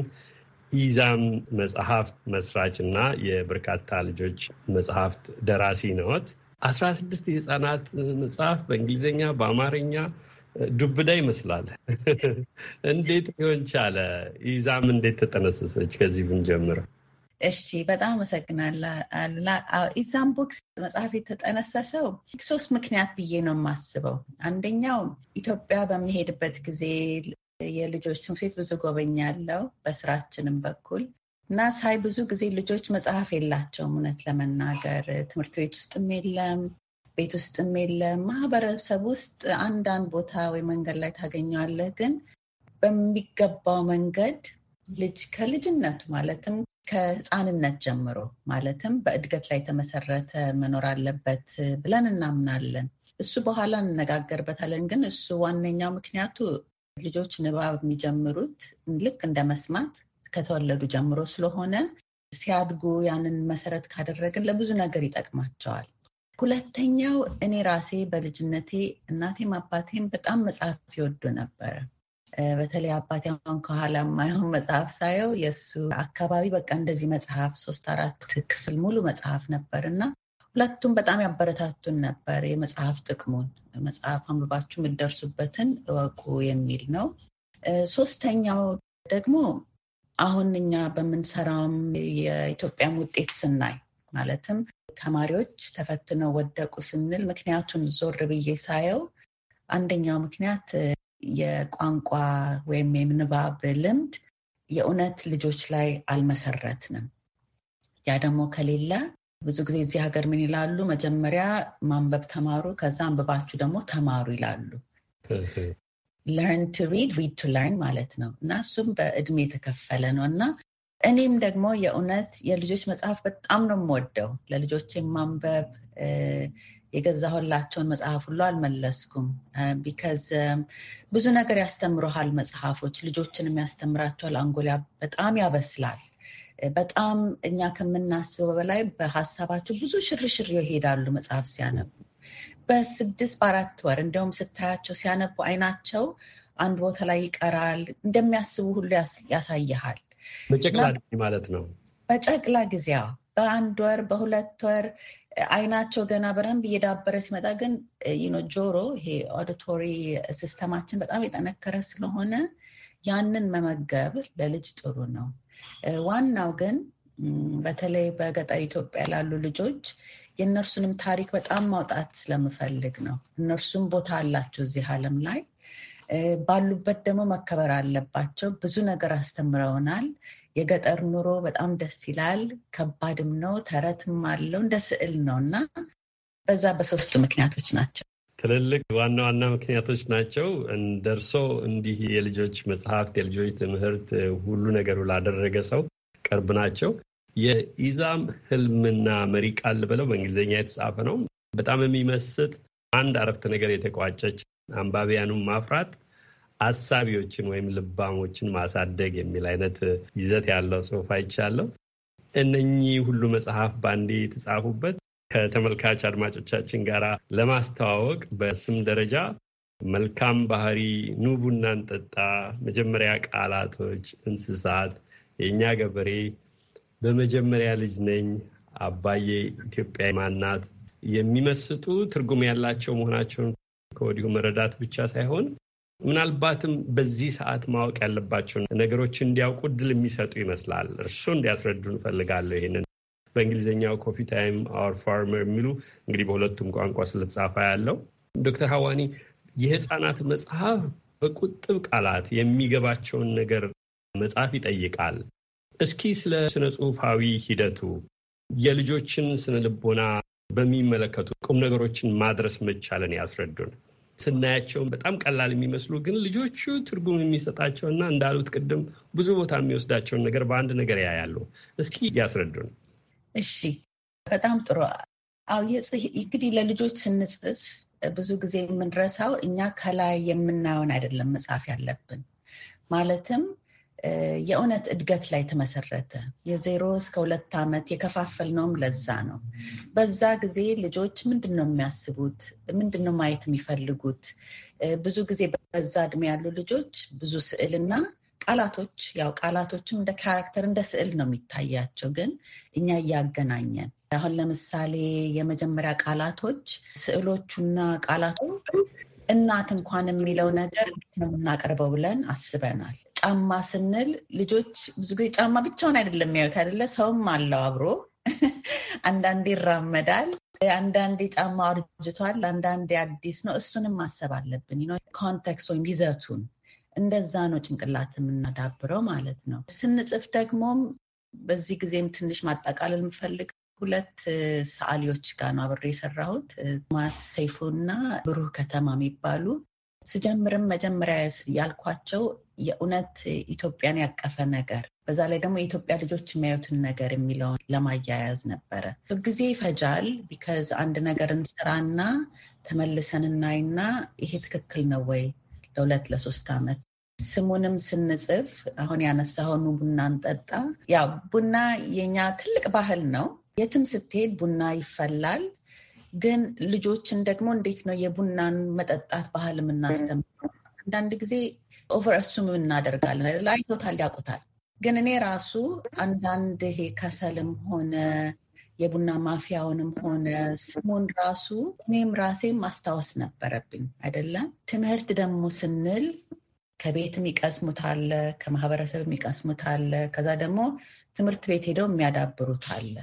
ኢዛም መጽሐፍት መስራች እና የበርካታ ልጆች መጽሐፍት ደራሲ ነዎት። አስራ ስድስት የህፃናት መጽሐፍ በእንግሊዝኛ፣ በአማርኛ ዱብዳ ይመስላል። (laughs) እንዴት ሊሆን ቻለ? ይዛም እንዴት ተጠነሰሰች? ከዚህ ብንጀምረው። እሺ፣ በጣም አመሰግናለሁ ኢዛም ቦክስ መጽሐፍ የተጠነሰሰው ሶስት ምክንያት ብዬ ነው የማስበው። አንደኛው ኢትዮጵያ በምሄድበት ጊዜ የልጆች ስንፌት ቤት ብዙ ጎበኛለው በስራችንም በኩል እና ሳይ ብዙ ጊዜ ልጆች መጽሐፍ የላቸውም እውነት ለመናገር ትምህርት ቤት ውስጥም የለም ቤት ውስጥም የለ ማህበረሰብ ውስጥ አንዳንድ ቦታ ወይ መንገድ ላይ ታገኘዋለህ። ግን በሚገባው መንገድ ልጅ ከልጅነቱ ማለትም ከህፃንነት ጀምሮ ማለትም በእድገት ላይ የተመሰረተ መኖር አለበት ብለን እናምናለን። እሱ በኋላ እንነጋገርበታለን። ግን እሱ ዋነኛው ምክንያቱ ልጆች ንባብ የሚጀምሩት ልክ እንደ መስማት ከተወለዱ ጀምሮ ስለሆነ ሲያድጉ ያንን መሰረት ካደረግን ለብዙ ነገር ይጠቅማቸዋል። ሁለተኛው እኔ ራሴ በልጅነቴ እናቴም አባቴም በጣም መጽሐፍ ይወዱ ነበረ። በተለይ አባቴ አሁን ከኋላ የማይሆን መጽሐፍ ሳየው የእሱ አካባቢ በቃ እንደዚህ መጽሐፍ ሶስት አራት ክፍል ሙሉ መጽሐፍ ነበር እና ሁለቱም በጣም ያበረታቱን ነበር። የመጽሐፍ ጥቅሙን መጽሐፍ አንብባችሁ የምትደርሱበትን እወቁ የሚል ነው። ሶስተኛው ደግሞ አሁን እኛ በምንሰራውም የኢትዮጵያም ውጤት ስናይ ማለትም ተማሪዎች ተፈትነው ወደቁ ስንል ምክንያቱን ዞር ብዬ ሳየው አንደኛው ምክንያት የቋንቋ ወይም የንባብ ልምድ የእውነት ልጆች ላይ አልመሰረትንም። ያ ደግሞ ከሌለ ብዙ ጊዜ እዚህ ሀገር ምን ይላሉ? መጀመሪያ ማንበብ ተማሩ፣ ከዛ አንብባችሁ ደግሞ ተማሩ ይላሉ። ለርን ቱ ሪድ ሪድ ቱ ለርን ማለት ነው እና እሱም በእድሜ የተከፈለ ነው እና እኔም ደግሞ የእውነት የልጆች መጽሐፍ በጣም ነው የምወደው። ለልጆች ማንበብ የገዛሁላቸውን መጽሐፍ ሁሉ አልመለስኩም። ቢከዝ ብዙ ነገር ያስተምረሃል መጽሐፎች፣ ልጆችንም ያስተምራቸዋል። አንጎላ በጣም ያበስላል። በጣም እኛ ከምናስበው በላይ በሀሳባቸው ብዙ ሽርሽር ይሄዳሉ መጽሐፍ ሲያነቡ። በስድስት በአራት ወር እንደውም ስታያቸው ሲያነቡ አይናቸው አንድ ቦታ ላይ ይቀራል። እንደሚያስቡ ሁሉ ያሳይሃል። በጨቅላ ማለት ነው። በጨቅላ ጊዜያ በአንድ ወር በሁለት ወር አይናቸው ገና በደንብ እየዳበረ ሲመጣ ግን ጆሮ ይሄ ኦዲቶሪ ሲስተማችን በጣም የጠነከረ ስለሆነ ያንን መመገብ ለልጅ ጥሩ ነው። ዋናው ግን በተለይ በገጠር ኢትዮጵያ ላሉ ልጆች የእነርሱንም ታሪክ በጣም ማውጣት ስለምፈልግ ነው። እነርሱም ቦታ አላቸው እዚህ ዓለም ላይ ባሉበት ደግሞ መከበር አለባቸው። ብዙ ነገር አስተምረውናል። የገጠር ኑሮ በጣም ደስ ይላል። ከባድም ነው፣ ተረትም አለው፣ እንደ ስዕል ነው እና በዛ በሶስቱ ምክንያቶች ናቸው። ትልልቅ ዋና ዋና ምክንያቶች ናቸው። እንደርሶ እንዲህ የልጆች መጽሐፍት፣ የልጆች ትምህርት ሁሉ ነገሩ ላደረገ ሰው ቅርብ ናቸው። የኢዛም ህልምና መሪ ቃል ብለው በእንግሊዝኛ የተጻፈ ነው። በጣም የሚመስጥ አንድ አረፍተ ነገር የተቋጨች አንባቢያኑን ማፍራት አሳቢዎችን ወይም ልባሞችን ማሳደግ የሚል አይነት ይዘት ያለው ጽሁፍ አይቻለሁ። እነኚህ ሁሉ መጽሐፍ ባንዴ የተጻፉበት ከተመልካች አድማጮቻችን ጋር ለማስተዋወቅ በስም ደረጃ መልካም ባህሪ፣ ኑ ቡና እንጠጣ፣ መጀመሪያ ቃላቶች፣ እንስሳት፣ የእኛ ገበሬ፣ በመጀመሪያ ልጅ ነኝ፣ አባዬ፣ ኢትዮጵያ ማናት የሚመስጡ ትርጉም ያላቸው መሆናቸውን ከወዲሁ መረዳት ብቻ ሳይሆን ምናልባትም በዚህ ሰዓት ማወቅ ያለባቸውን ነገሮች እንዲያውቁ እድል የሚሰጡ ይመስላል። እርሱ እንዲያስረዱ እንፈልጋለሁ። ይሄንን በእንግሊዝኛው ኮፊ ታይም አወር ፋርመር የሚሉ እንግዲህ በሁለቱም ቋንቋ ስለተጻፈ ያለው ዶክተር ሀዋኒ የህፃናት መጽሐፍ በቁጥብ ቃላት የሚገባቸውን ነገር መጽሐፍ ይጠይቃል። እስኪ ስለ ስነ ጽሁፋዊ ሂደቱ የልጆችን ስነ ልቦና በሚመለከቱ ቁም ነገሮችን ማድረስ መቻለን ያስረዱን። ስናያቸውን በጣም ቀላል የሚመስሉ ግን ልጆቹ ትርጉም የሚሰጣቸውና እንዳሉት ቅድም ብዙ ቦታ የሚወስዳቸውን ነገር በአንድ ነገር ያያሉ። እስኪ ያስረዱን። እሺ፣ በጣም ጥሩ። አዎ እንግዲህ ለልጆች ስንጽፍ ብዙ ጊዜ የምንረሳው እኛ ከላይ የምናየውን አይደለም መጽሐፍ ያለብን ማለትም የእውነት እድገት ላይ ተመሰረተ። የዜሮ እስከ ሁለት ዓመት የከፋፈልነውም ለዛ ነው። በዛ ጊዜ ልጆች ምንድን ነው የሚያስቡት? ምንድን ነው ማየት የሚፈልጉት? ብዙ ጊዜ በዛ እድሜ ያሉ ልጆች ብዙ ስዕልና ቃላቶች ያው ቃላቶችም እንደ ካራክተር እንደ ስዕል ነው የሚታያቸው። ግን እኛ እያገናኘን አሁን ለምሳሌ የመጀመሪያ ቃላቶች ስዕሎቹና ቃላቱ እናት እንኳን የሚለው ነገር የምናቀርበው ብለን አስበናል። ጫማ ስንል ልጆች ብዙ ጊዜ ጫማ ብቻውን አይደለም የሚያዩት አይደለ? ሰውም አለው አብሮ። (laughs) አንዳንዴ ይራመዳል፣ አንዳንዴ ጫማ አርጅቷል፣ አንዳንዴ አዲስ ነው። እሱንም ማሰብ አለብን። ኮንቴክስት ወይም ይዘቱን እንደዛ ነው ጭንቅላት የምናዳብረው ማለት ነው። ስንጽፍ ደግሞም በዚህ ጊዜም ትንሽ ማጠቃለል የምፈልግ ሁለት ሰዓሊዎች ጋር ነው አብሬ የሰራሁት ቶማስ ሰይፉና ብሩህ ከተማ የሚባሉ ስጀምርም መጀመሪያ ያልኳቸው የእውነት ኢትዮጵያን ያቀፈ ነገር በዛ ላይ ደግሞ የኢትዮጵያ ልጆች የሚያዩትን ነገር የሚለውን ለማያያዝ ነበረ። ጊዜ ይፈጃል። ቢከዝ አንድ ነገር እንስራና ተመልሰን እናይና ይሄ ትክክል ነው ወይ ለሁለት ለሶስት ዓመት ስሙንም ስንጽፍ አሁን ያነሳ ኑ ቡና እንጠጣ፣ ያ ቡና የኛ ትልቅ ባህል ነው። የትም ስትሄድ ቡና ይፈላል። ግን ልጆችን ደግሞ እንዴት ነው የቡናን መጠጣት ባህል የምናስተምረው? አንዳንድ ጊዜ ኦቨር እሱም እናደርጋለን አይቶታል፣ ያውቁታል። ግን እኔ ራሱ አንዳንድ ይሄ ከሰልም ሆነ የቡና ማፊያውንም ሆነ ስሙን ራሱ እኔም ራሴ ማስታወስ ነበረብኝ አይደለም። ትምህርት ደግሞ ስንል ከቤትም ይቀስሙት አለ፣ ከማህበረሰብ የሚቀስሙት አለ፣ ከዛ ደግሞ ትምህርት ቤት ሄደው የሚያዳብሩት አለ።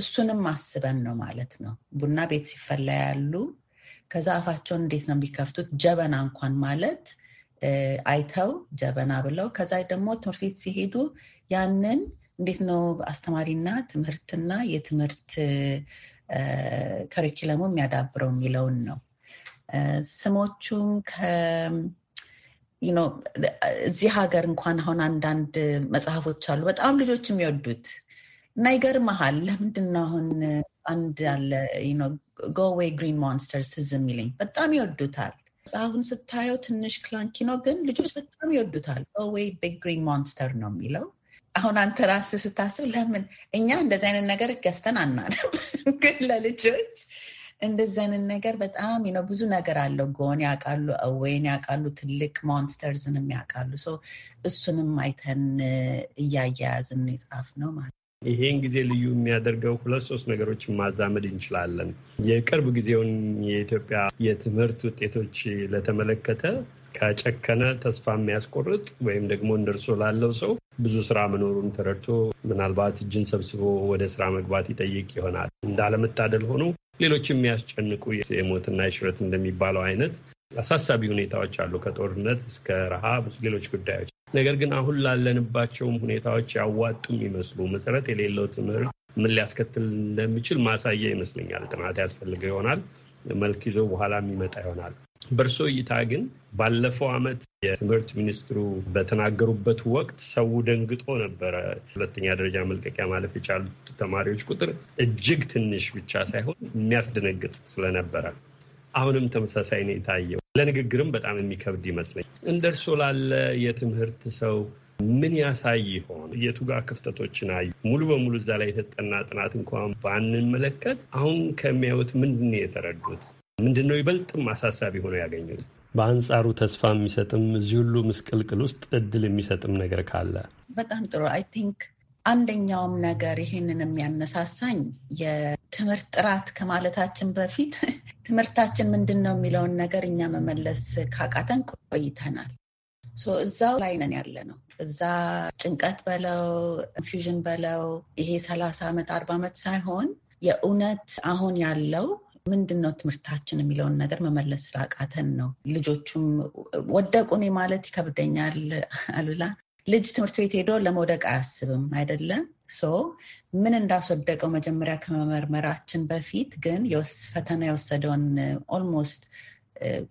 እሱንም አስበን ነው ማለት ነው። ቡና ቤት ሲፈላ ያሉ ከዛ አፋቸውን እንዴት ነው የሚከፍቱት? ጀበና እንኳን ማለት አይተው ጀበና ብለው ከዛ ደግሞ ትምህርት ቤት ሲሄዱ ያንን እንዴት ነው አስተማሪና ትምህርትና የትምህርት ከሪኪለሙ የሚያዳብረው የሚለውን ነው። ስሞቹም እዚህ ሀገር እንኳን አሁን አንዳንድ መጽሐፎች አሉ በጣም ልጆች የሚወዱት እና ይገርመሃል፣ ለምንድን ነው አሁን አንድ ያለ ጎዌይ ግሪን ሞንስተርስ ትዝ የሚለኝ በጣም ይወዱታል። መጽሐፉን ስታየው ትንሽ ክላንኪ ነው፣ ግን ልጆች በጣም ይወዱታል። ጎዌይ ቢግ ግሪን ሞንስተር ነው የሚለው። አሁን አንተ ራስ ስታስብ ለምን እኛ እንደዚህ አይነት ነገር ገዝተን አናለም፣ (laughs) ግን ለልጆች እንደዚህ አይነት ነገር በጣም ነው። ብዙ ነገር አለው። ጎን ያውቃሉ፣ አዌን ያውቃሉ፣ ትልቅ ሞንስተርዝንም ያውቃሉ። እሱንም አይተን እያያያዝን ነው ማለት ይሄን ጊዜ ልዩ የሚያደርገው ሁለት ሶስት ነገሮችን ማዛመድ እንችላለን። የቅርብ ጊዜውን የኢትዮጵያ የትምህርት ውጤቶች ለተመለከተ ከጨከነ ተስፋ የሚያስቆርጥ ወይም ደግሞ እንደርሶ ላለው ሰው ብዙ ስራ መኖሩን ተረድቶ ምናልባት እጅን ሰብስቦ ወደ ስራ መግባት ይጠይቅ ይሆናል። እንዳለመታደል ሆኖ ሌሎች የሚያስጨንቁ የሞትና የሽረት እንደሚባለው አይነት አሳሳቢ ሁኔታዎች አሉ፣ ከጦርነት እስከ ረሃብ፣ ሌሎች ጉዳዮች። ነገር ግን አሁን ላለንባቸውም ሁኔታዎች ያዋጡ የሚመስሉ መሰረት የሌለው ትምህርት ምን ሊያስከትል እንደሚችል ማሳያ ይመስለኛል። ጥናት ያስፈልገው ይሆናል፣ መልክ ይዞ በኋላ የሚመጣ ይሆናል። በእርሶ እይታ ግን ባለፈው ዓመት የትምህርት ሚኒስትሩ በተናገሩበት ወቅት ሰው ደንግጦ ነበረ። ሁለተኛ ደረጃ መልቀቂያ ማለፍ የቻሉት ተማሪዎች ቁጥር እጅግ ትንሽ ብቻ ሳይሆን የሚያስደነግጥ ስለነበረ አሁንም ተመሳሳይ ነው የታየው። ለንግግርም በጣም የሚከብድ ይመስለኝ። እንደ እርሶ ላለ የትምህርት ሰው ምን ያሳይ ይሆን? የቱጋ ክፍተቶችን አዩ? ሙሉ በሙሉ እዛ ላይ የተጠና ጥናት እንኳን ባንመለከት አሁን ከሚያዩት ምንድን ነው የተረዱት? ምንድን ነው ይበልጥም አሳሳቢ ሆነው ያገኙት? በአንጻሩ ተስፋ የሚሰጥም እዚህ ሁሉ ምስቅልቅል ውስጥ እድል የሚሰጥም ነገር ካለ በጣም ጥሩ። አይ ቲንክ አንደኛውም ነገር ይህንን የሚያነሳሳኝ የትምህርት ጥራት ከማለታችን በፊት ትምህርታችን ምንድን ነው የሚለውን ነገር እኛ መመለስ ካቃተን ቆይተናል። እዛው ላይ ነን ያለ ነው። እዛ ጭንቀት በለው ኢንፊውዥን በለው ይሄ ሰላሳ ዓመት አርባ ዓመት ሳይሆን የእውነት አሁን ያለው ምንድን ነው ትምህርታችን የሚለውን ነገር መመለስ ስላቃተን ነው። ልጆቹም ወደቁ። እኔ ማለት ይከብደኛል አሉላ ልጅ ትምህርት ቤት ሄዶ ለመውደቅ አያስብም አይደለም ሶ ምን እንዳስወደቀው መጀመሪያ ከመመርመራችን በፊት ግን ፈተና የወሰደውን ኦልሞስት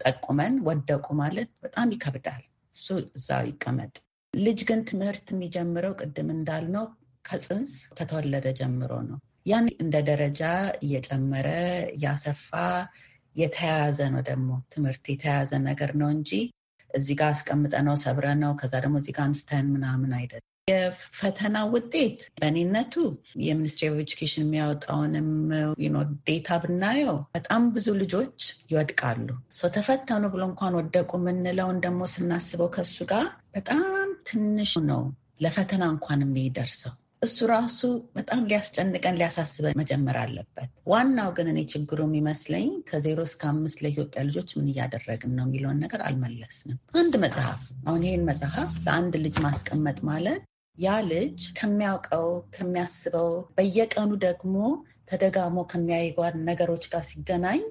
ጠቁመን ወደቁ ማለት በጣም ይከብዳል። እሱ እዛው ይቀመጥ። ልጅ ግን ትምህርት የሚጀምረው ቅድም እንዳልነው ከጽንስ ከተወለደ ጀምሮ ነው። ያን እንደ ደረጃ እየጨመረ ያሰፋ የተያያዘ ነው። ደግሞ ትምህርት የተያያዘ ነገር ነው እንጂ እዚህ ጋር አስቀምጠ ነው ሰብረ ነው ከዛ ደግሞ እዚህ ጋር አንስተን ምናምን አይደለም። የፈተና ውጤት በእኔነቱ የሚኒስትሪ ኦፍ ኤጁኬሽን የሚያወጣውንም ዴታ ብናየው በጣም ብዙ ልጆች ይወድቃሉ። ተፈተኑ ብሎ እንኳን ወደቁ የምንለውን ደግሞ ስናስበው ከሱ ጋር በጣም ትንሽ ነው ለፈተና እንኳን የሚደርሰው። እሱ ራሱ በጣም ሊያስጨንቀን ሊያሳስበን መጀመር አለበት። ዋናው ግን እኔ ችግሩ የሚመስለኝ ከዜሮ እስከ አምስት ለኢትዮጵያ ልጆች ምን እያደረግን ነው የሚለውን ነገር አልመለስንም። አንድ መጽሐፍ አሁን ይህን መጽሐፍ ለአንድ ልጅ ማስቀመጥ ማለት ያ ልጅ ከሚያውቀው ከሚያስበው በየቀኑ ደግሞ ተደጋሞ ከሚያይጓር ነገሮች ጋር ሲገናኝ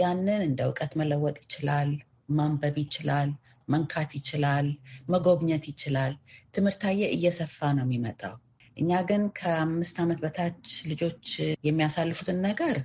ያንን እንደ እውቀት መለወጥ ይችላል። ማንበብ ይችላል። መንካት ይችላል። መጎብኘት ይችላል። ትምህርታዬ እየሰፋ ነው የሚመጣው። እኛ ግን ከአምስት ዓመት በታች ልጆች የሚያሳልፉትን ነገር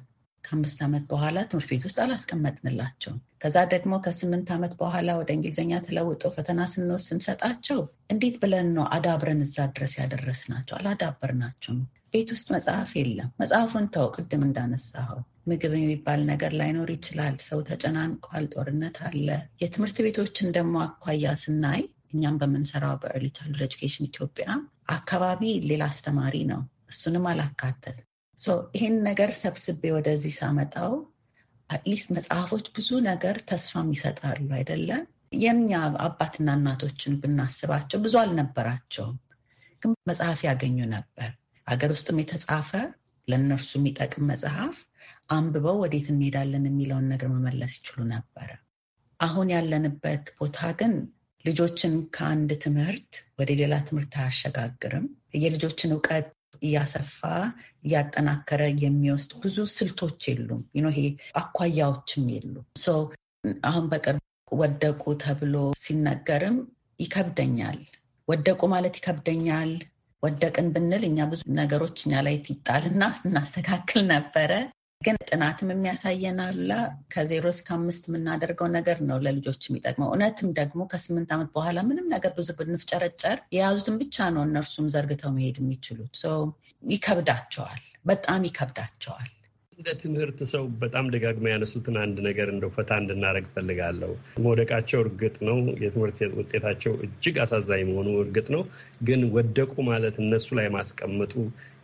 ከአምስት ዓመት በኋላ ትምህርት ቤት ውስጥ አላስቀመጥንላቸውም። ከዛ ደግሞ ከስምንት ዓመት በኋላ ወደ እንግሊዝኛ ተለውጦ ፈተና ስንወስድ ስንሰጣቸው እንዴት ብለን ነው አዳብረን እዛ ድረስ ያደረስናቸው? አላዳበርናቸውም። ቤት ውስጥ መጽሐፍ የለም። መጽሐፉን ተው፣ ቅድም እንዳነሳኸው ምግብ የሚባል ነገር ላይኖር ይችላል። ሰው ተጨናንቋል። ጦርነት አለ። የትምህርት ቤቶችን ደግሞ አኳያ ስናይ እኛም በምንሰራው በእርሊ ቻይልድ ኤጁኬሽን ኢትዮጵያ አካባቢ ሌላ አስተማሪ ነው። እሱንም አላካተት ይሄን ነገር ሰብስቤ ወደዚህ ሳመጣው አትሊስት መጽሐፎች ብዙ ነገር ተስፋም ይሰጣሉ አይደለም። የኛ አባትና እናቶችን ብናስባቸው ብዙ አልነበራቸውም፣ ግን መጽሐፍ ያገኙ ነበር። አገር ውስጥም የተጻፈ ለእነርሱ የሚጠቅም መጽሐፍ አንብበው ወዴት እንሄዳለን የሚለውን ነገር መመለስ ይችሉ ነበረ። አሁን ያለንበት ቦታ ግን ልጆችን ከአንድ ትምህርት ወደ ሌላ ትምህርት አያሸጋግርም። የልጆችን እውቀት እያሰፋ እያጠናከረ የሚወስድ ብዙ ስልቶች የሉም። ይሄ አኳያዎችም የሉ። አሁን በቅርብ ወደቁ ተብሎ ሲነገርም ይከብደኛል። ወደቁ ማለት ይከብደኛል። ወደቅን ብንል እኛ ብዙ ነገሮች እኛ ላይ ይጣልና ስናስተካክል ነበረ ግን ጥናትም የሚያሳየን አለ ከዜሮ እስከ አምስት የምናደርገው ነገር ነው ለልጆች የሚጠቅመው። እውነትም ደግሞ ከስምንት ዓመት በኋላ ምንም ነገር ብዙ ብንፍጨረጨር የያዙትን ብቻ ነው እነርሱም ዘርግተው መሄድ የሚችሉት። ይከብዳቸዋል፣ በጣም ይከብዳቸዋል። እንደ ትምህርት ሰው በጣም ደጋግመው ያነሱትን አንድ ነገር እንደው ፈታ እንድናደረግ ፈልጋለሁ። መውደቃቸው እርግጥ ነው፣ የትምህርት ውጤታቸው እጅግ አሳዛኝ መሆኑ እርግጥ ነው። ግን ወደቁ ማለት እነሱ ላይ ማስቀመጡ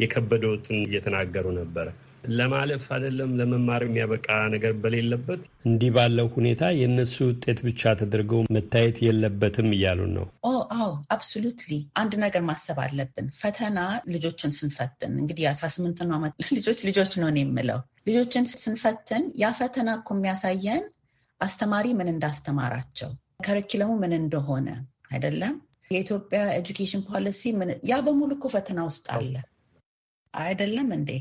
የከበደውትን እየተናገሩ ነበር። ለማለፍ አይደለም ለመማር የሚያበቃ ነገር በሌለበት እንዲህ ባለው ሁኔታ የእነሱ ውጤት ብቻ ተደርገው መታየት የለበትም እያሉን ነው። አዎ አብሶሉትሊ አንድ ነገር ማሰብ አለብን። ፈተና ልጆችን ስንፈትን እንግዲህ የአስራ ስምንት ዓመት (laughs) ልጆች ልጆች ነው የምለው ልጆችን ስንፈትን ያ ፈተና እኮ የሚያሳየን አስተማሪ ምን እንዳስተማራቸው ከሪኪለሙ ምን እንደሆነ አይደለም የኢትዮጵያ ኤጁኬሽን ፖሊሲ ምን ያ በሙሉ እኮ ፈተና ውስጥ አለ። አይደለም እንዴ?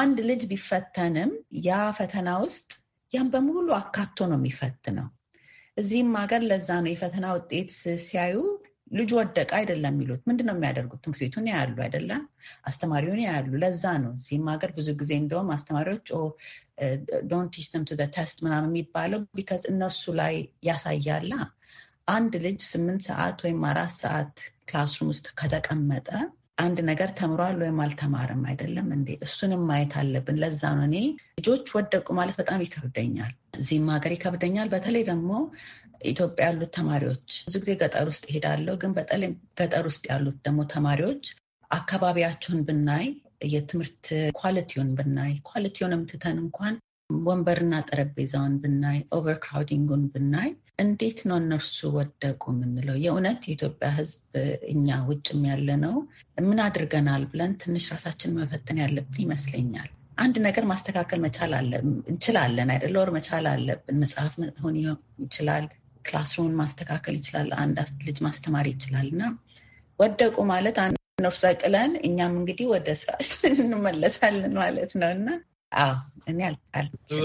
አንድ ልጅ ቢፈተንም ያ ፈተና ውስጥ ያን በሙሉ አካቶ ነው የሚፈትነው። እዚህም ሀገር ለዛ ነው የፈተና ውጤት ሲያዩ ልጁ ወደቀ አይደለም የሚሉት። ምንድን ነው የሚያደርጉት? ትምህርት ቤቱን ያሉ አይደለም፣ አስተማሪውን ያሉ። ለዛ ነው እዚህም ሀገር ብዙ ጊዜ እንደውም አስተማሪዎች ዶንት ቲች ቱ ዘ ተስት ምናምን የሚባለው ቢካዝ እነርሱ ላይ ያሳያላ። አንድ ልጅ ስምንት ሰዓት ወይም አራት ሰዓት ክላስሩም ውስጥ ከተቀመጠ አንድ ነገር ተምሯል ወይም አልተማርም አይደለም እንዴ? እሱንም ማየት አለብን። ለዛ ነው እኔ ልጆች ወደቁ ማለት በጣም ይከብደኛል፣ እዚህም ሀገር ይከብደኛል። በተለይ ደግሞ ኢትዮጵያ ያሉት ተማሪዎች ብዙ ጊዜ ገጠር ውስጥ ይሄዳለሁ፣ ግን በተለይ ገጠር ውስጥ ያሉት ደግሞ ተማሪዎች አካባቢያቸውን ብናይ የትምህርት ኳሊቲውን ብናይ ኳሊቲውንም ትተን እንኳን ወንበርና ጠረጴዛውን ብናይ ኦቨርክራውዲንጉን ብናይ እንዴት ነው እነሱ ወደቁ የምንለው? የእውነት የኢትዮጵያ ሕዝብ እኛ ውጭም ያለ ነው ምን አድርገናል ብለን ትንሽ ራሳችን መፈተን ያለብን ይመስለኛል። አንድ ነገር ማስተካከል መቻል እንችላለን አይደለ? ወር መቻል አለብን። መጽሐፍ ሆን ይችላል፣ ክላስሩምን ማስተካከል ይችላል፣ አንድ ልጅ ማስተማር ይችላል። እና ወደቁ ማለት እነርሱ ላይ ጥለን እኛም እንግዲህ ወደ ስራችን (laughs) እንመለሳለን ማለት ነው እና እኔ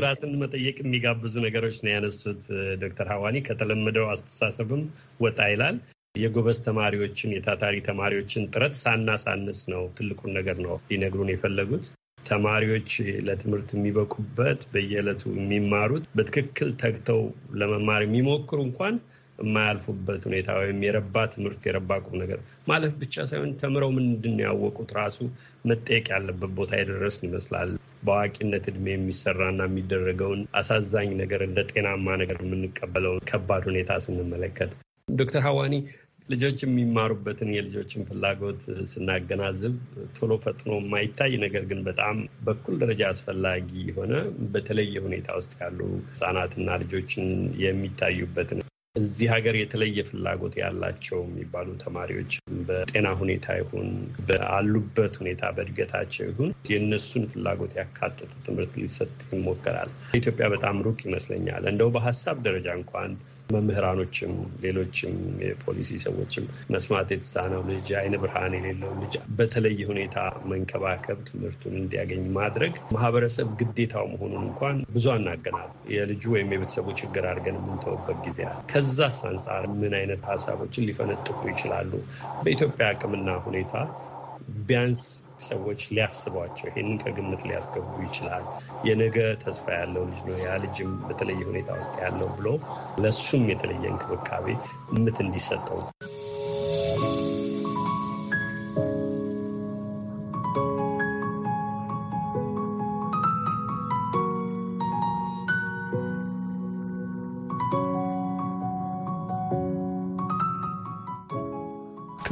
ራስን መጠየቅ የሚጋብዙ ነገሮች ነው ያነሱት ዶክተር ሀዋኒ ከተለመደው አስተሳሰብም ወጣ ይላል። የጎበዝ ተማሪዎችን የታታሪ ተማሪዎችን ጥረት ሳናሳንስ ነው ትልቁን ነገር ነው ሊነግሩን የፈለጉት። ተማሪዎች ለትምህርት የሚበቁበት በየዕለቱ የሚማሩት በትክክል ተግተው ለመማር የሚሞክሩ እንኳን የማያልፉበት ሁኔታ ወይም የረባ ትምህርት የረባ ቁም ነገር ማለፍ ብቻ ሳይሆን ተምረው ምንድን ያወቁት ራሱ መጠየቅ ያለበት ቦታ የደረስን ይመስላል። በአዋቂነት እድሜ የሚሰራና የሚደረገውን አሳዛኝ ነገር እንደ ጤናማ ነገር የምንቀበለውን ከባድ ሁኔታ ስንመለከት ዶክተር ሀዋኒ ልጆች የሚማሩበትን የልጆችን ፍላጎት ስናገናዝብ ቶሎ ፈጥኖ የማይታይ ነገር ግን በጣም በኩል ደረጃ አስፈላጊ የሆነ በተለየ ሁኔታ ውስጥ ያሉ ህጻናትና ልጆችን የሚታዩበትን እዚህ ሀገር የተለየ ፍላጎት ያላቸው የሚባሉ ተማሪዎች በጤና ሁኔታ ይሁን በአሉበት ሁኔታ በእድገታቸው ይሁን የእነሱን ፍላጎት ያካተተ ትምህርት ሊሰጥ ይሞከራል። ኢትዮጵያ በጣም ሩቅ ይመስለኛል። እንደው በሀሳብ ደረጃ እንኳን መምህራኖችም ሌሎችም የፖሊሲ ሰዎችም መስማት የተሳነው ልጅ አይነ ብርሃን የሌለው ልጅ በተለየ ሁኔታ መንከባከብ፣ ትምህርቱን እንዲያገኝ ማድረግ ማህበረሰብ ግዴታው መሆኑን እንኳን ብዙ አናገናል የልጁ ወይም የቤተሰቡ ችግር አድርገን የምንተውበት ጊዜ አለ። ከዛስ አንጻር ምን አይነት ሀሳቦችን ሊፈነጥቁ ይችላሉ? በኢትዮጵያ አቅምና ሁኔታ ቢያንስ ሰዎች ሊያስቧቸው ይህንን ከግምት ሊያስገቡ ይችላል። የነገ ተስፋ ያለው ልጅ ነው ያ ልጅም በተለየ ሁኔታ ውስጥ ያለው ብሎ ለሱም የተለየ እንክብካቤ ምት እንዲሰጠው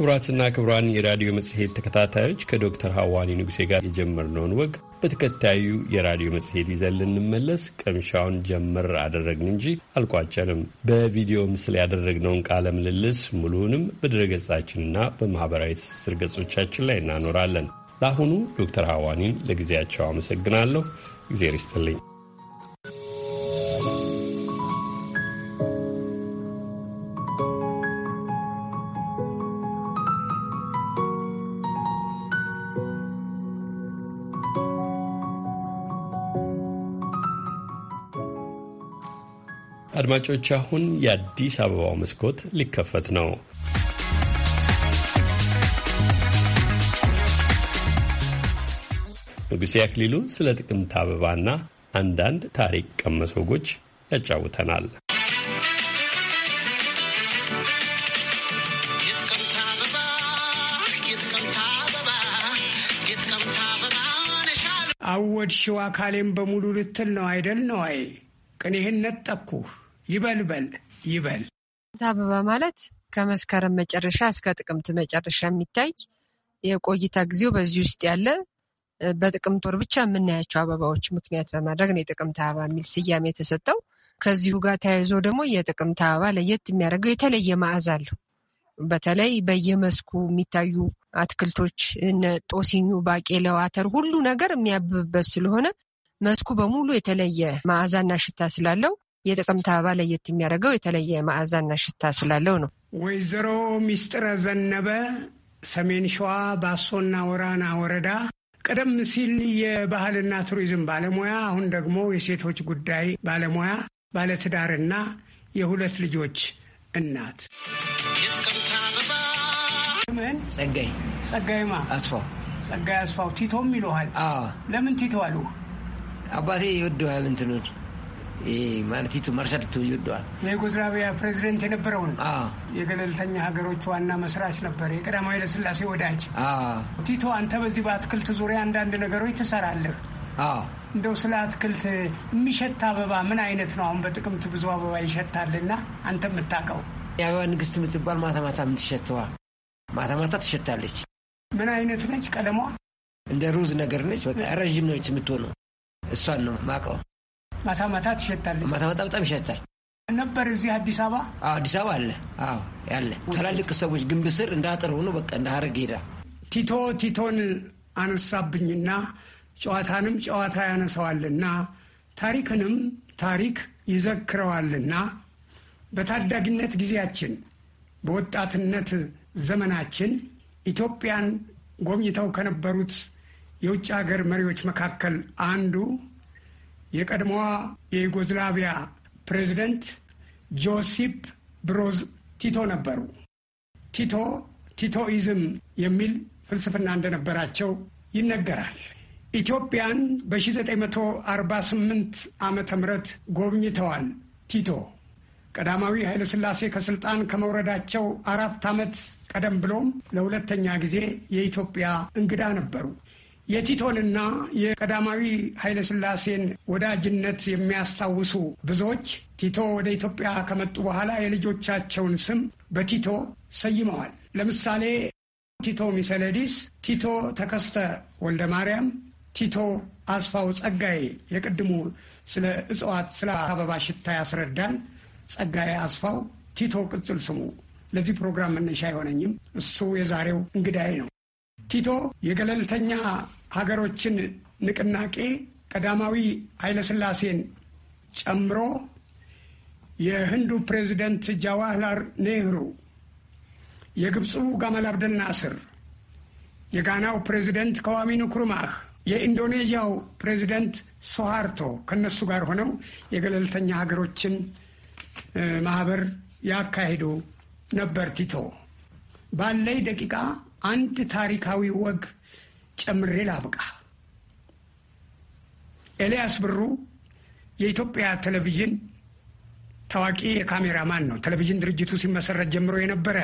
ክቡራትና ክቡራን የራዲዮ መጽሔት ተከታታዮች ከዶክተር ሐዋኒ ንጉሴ ጋር የጀመርነውን ወግ በተከታዩ የራዲዮ መጽሔት ይዘን ልንመለስ ቅምሻውን ጀምር አደረግን እንጂ አልቋጨንም። በቪዲዮ ምስል ያደረግነውን ቃለ ምልልስ ሙሉውንም በድረገጻችንና በማኅበራዊ ትስስር ገጾቻችን ላይ እናኖራለን። ለአሁኑ ዶክተር ሐዋኒን ለጊዜያቸው አመሰግናለሁ። እግዜር ይስጥልኝ። አድማጮች አሁን የአዲስ አበባው መስኮት ሊከፈት ነው። ንጉሴ አክሊሉ ስለ ጥቅምት አበባና አንዳንድ ታሪክ ቀመስ ወጎች ያጫውተናል። አወድ ሽዋ ካሌም በሙሉ ልትል ነው አይደል? ነዋይ ቅኔህን ነጠኩህ ይበልበል ይበል አበባ ማለት ከመስከረም መጨረሻ እስከ ጥቅምት መጨረሻ የሚታይ የቆይታ ጊዜው በዚህ ውስጥ ያለ በጥቅምት ወር ብቻ የምናያቸው አበባዎች ምክንያት በማድረግ ነው የጥቅምት አበባ የሚል ስያሜ የተሰጠው። ከዚሁ ጋር ተያይዞ ደግሞ የጥቅምት አበባ ለየት የሚያደርገው የተለየ መዓዛ አለው። በተለይ በየመስኩ የሚታዩ አትክልቶች እነ ጦሲኙ፣ ባቄላው፣ አተር ሁሉ ነገር የሚያብብበት ስለሆነ መስኩ በሙሉ የተለየ መዓዛና ሽታ ስላለው የጥቅምት አበባ ለየት የሚያደርገው የተለየ መዓዛና ሽታ ስላለው ነው። ወይዘሮ ሚስጥረ ዘነበ ሰሜን ሸዋ ባሶና ወራና ወረዳ ቀደም ሲል የባህልና ቱሪዝም ባለሙያ አሁን ደግሞ የሴቶች ጉዳይ ባለሙያ ባለትዳርና የሁለት ልጆች እናት ምን ጸጋይ ጸጋይማ አስፋው ጸጋይ አስፋው ቲቶም ይለሃል። ለምን ቲቶ አሉ? አባቴ ይወደዋል እንትኑን ማለቲቱ መርሰድ ትውልደዋል የዩጎዝላቪያ ፕሬዚደንት የነበረውን የገለልተኛ ሀገሮች ዋና መስራች ነበር፣ የቀዳማዊ ኃይለሥላሴ ወዳጅ ቲቶ። አንተ በዚህ በአትክልት ዙሪያ አንዳንድ ነገሮች ትሰራለህ። እንደው ስለ አትክልት የሚሸት አበባ ምን አይነት ነው? አሁን በጥቅምት ብዙ አበባ ይሸታልና አንተ የምታውቀው የአበባ ንግስት የምትባል ማታ ማታ የምትሸተዋ ማታ ማታ ትሸታለች። ምን አይነት ነች? ቀለሟ እንደ ሩዝ ነገር ነች። በቃ ረዥም ነች የምትሆነው። እሷን ነው ማቀው። ማታ ማታ ትሸታለች። ማታ ማታ በጣም ይሸታል። ነበር። እዚህ አዲስ አበባ አዲስ አበባ አለ። አዎ ያለ ትላልቅ ሰዎች ግንብ ስር እንዳጥር ሆኖ በቃ እንደ ሀረግ ሄዳ ቲቶ ቲቶን አነሳብኝና ጨዋታንም ጨዋታ ያነሳዋልና ታሪክንም ታሪክ ይዘክረዋልና በታዳጊነት ጊዜያችን በወጣትነት ዘመናችን ኢትዮጵያን ጎብኝተው ከነበሩት የውጭ ሀገር መሪዎች መካከል አንዱ የቀድሞዋ የዩጎዝላቪያ ፕሬዚደንት ጆሲፕ ብሮዝ ቲቶ ነበሩ። ቲቶ ቲቶኢዝም የሚል ፍልስፍና እንደነበራቸው ይነገራል። ኢትዮጵያን በ1948 ዓመተ ም ጎብኝተዋል ቲቶ። ቀዳማዊ ሥላሴ ከሥልጣን ከመውረዳቸው አራት ዓመት ቀደም ብሎም ለሁለተኛ ጊዜ የኢትዮጵያ እንግዳ ነበሩ። የቲቶንና የቀዳማዊ ኃይለሥላሴን ወዳጅነት የሚያስታውሱ ብዙዎች ቲቶ ወደ ኢትዮጵያ ከመጡ በኋላ የልጆቻቸውን ስም በቲቶ ሰይመዋል። ለምሳሌ ቲቶ ሚሰለዲስ፣ ቲቶ ተከስተ ወልደ ማርያም፣ ቲቶ አስፋው ጸጋዬ የቅድሙ ስለ እጽዋት ስለ አበባ ሽታ ያስረዳን ጸጋዬ አስፋው ቲቶ ቅጽል ስሙ ለዚህ ፕሮግራም መነሻ አይሆነኝም። እሱ የዛሬው እንግዳይ ነው። ቲቶ የገለልተኛ ሀገሮችን ንቅናቄ ቀዳማዊ ኃይለሥላሴን ጨምሮ የህንዱ ፕሬዚደንት ጃዋህላር ኔህሩ፣ የግብፁ ጋማል አብደል ናስር፣ የጋናው ፕሬዚደንት ከዋሚ ንኩርማህ፣ የኢንዶኔዥያው ፕሬዚደንት ሶሃርቶ ከነሱ ጋር ሆነው የገለልተኛ ሀገሮችን ማህበር ያካሂዱ ነበር። ቲቶ ባለይ ደቂቃ አንድ ታሪካዊ ወግ ጨምሬ ላብቃ። ኤልያስ ብሩ የኢትዮጵያ ቴሌቪዥን ታዋቂ የካሜራማን ነው። ቴሌቪዥን ድርጅቱ ሲመሰረት ጀምሮ የነበረ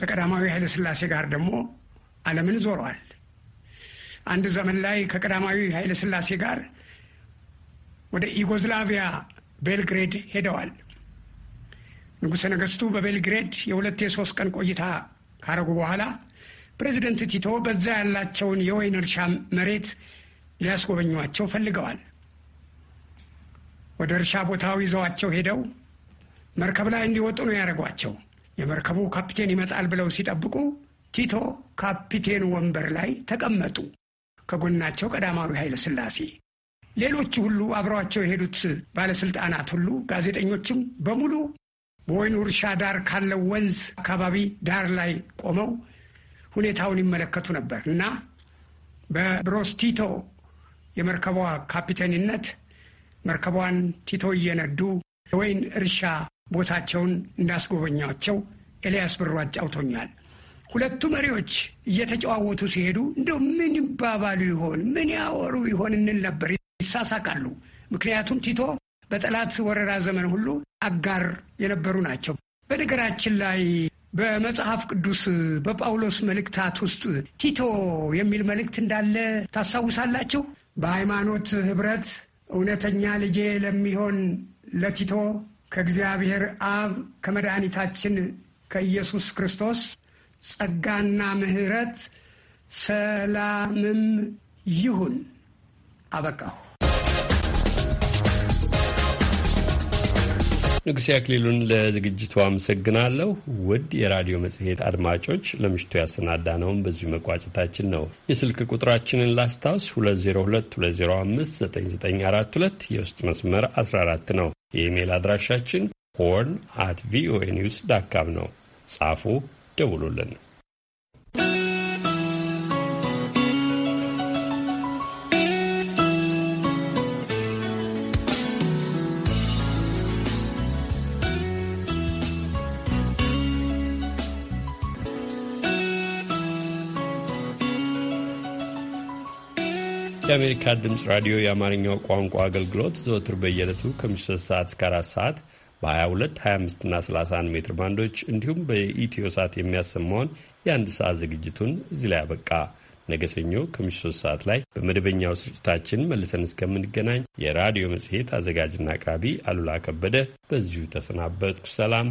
ከቀዳማዊ ኃይለ ስላሴ ጋር ደግሞ ዓለምን ዞረዋል። አንድ ዘመን ላይ ከቀዳማዊ ኃይለ ስላሴ ጋር ወደ ዩጎዝላቪያ ቤልግሬድ ሄደዋል። ንጉሠ ነገሥቱ በቤልግሬድ የሁለት የሶስት ቀን ቆይታ ካረጉ በኋላ ፕሬዚደንት ቲቶ በዛ ያላቸውን የወይን እርሻ መሬት ሊያስጎበኟቸው ፈልገዋል። ወደ እርሻ ቦታው ይዘዋቸው ሄደው መርከብ ላይ እንዲወጡ ነው ያደረጓቸው። የመርከቡ ካፒቴን ይመጣል ብለው ሲጠብቁ ቲቶ ካፒቴን ወንበር ላይ ተቀመጡ። ከጎናቸው ቀዳማዊ ኃይለ ሥላሴ፣ ሌሎቹ ሁሉ አብረዋቸው የሄዱት ባለሥልጣናት ሁሉ ጋዜጠኞችም በሙሉ በወይኑ እርሻ ዳር ካለው ወንዝ አካባቢ ዳር ላይ ቆመው ሁኔታውን ይመለከቱ ነበር እና በብሮስ ቲቶ የመርከቧ ካፒቴንነት መርከቧን ቲቶ እየነዱ ወይን እርሻ ቦታቸውን እንዳስጎበኛቸው ኤልያስ ብሩ አጫውቶኛል። ሁለቱ መሪዎች እየተጨዋወቱ ሲሄዱ እንደው ምን ይባባሉ ይሆን ምን ያወሩ ይሆን እንል ነበር። ይሳሳቃሉ። ምክንያቱም ቲቶ በጠላት ወረራ ዘመን ሁሉ አጋር የነበሩ ናቸው። በነገራችን ላይ በመጽሐፍ ቅዱስ በጳውሎስ መልእክታት ውስጥ ቲቶ የሚል መልእክት እንዳለ ታስታውሳላችሁ። በሃይማኖት ህብረት እውነተኛ ልጄ ለሚሆን ለቲቶ ከእግዚአብሔር አብ ከመድኃኒታችን ከኢየሱስ ክርስቶስ ጸጋና ምሕረት ሰላምም ይሁን። አበቃሁ። ንጉሴ አክሊሉን ለዝግጅቱ አመሰግናለሁ። ውድ የራዲዮ መጽሔት አድማጮች ለምሽቱ ያሰናዳነውን በዚሁ መቋጨታችን ነው። የስልክ ቁጥራችንን ላስታውስ 2022059942 የውስጥ መስመር 14 ነው። የኢሜይል አድራሻችን ሆርን አት ቪኦኤ ኒውስ ዳት ካም ነው። ጻፉ፣ ደውሉልን። የአሜሪካ ድምፅ ራዲዮ የአማርኛው ቋንቋ አገልግሎት ዘወትር በየዕለቱ ከ3 ሰዓት እስከ 4 ሰዓት በ22፣ 25 እና 31 ሜትር ባንዶች እንዲሁም በኢትዮ ሰዓት የሚያሰማውን የአንድ ሰዓት ዝግጅቱን እዚህ ላይ አበቃ። ነገ ሰኞ ከምሽቱ 3 ሰዓት ላይ በመደበኛው ስርጭታችን መልሰን እስከምንገናኝ የራዲዮ መጽሔት አዘጋጅና አቅራቢ አሉላ ከበደ በዚሁ ተሰናበትኩ። ሰላም፣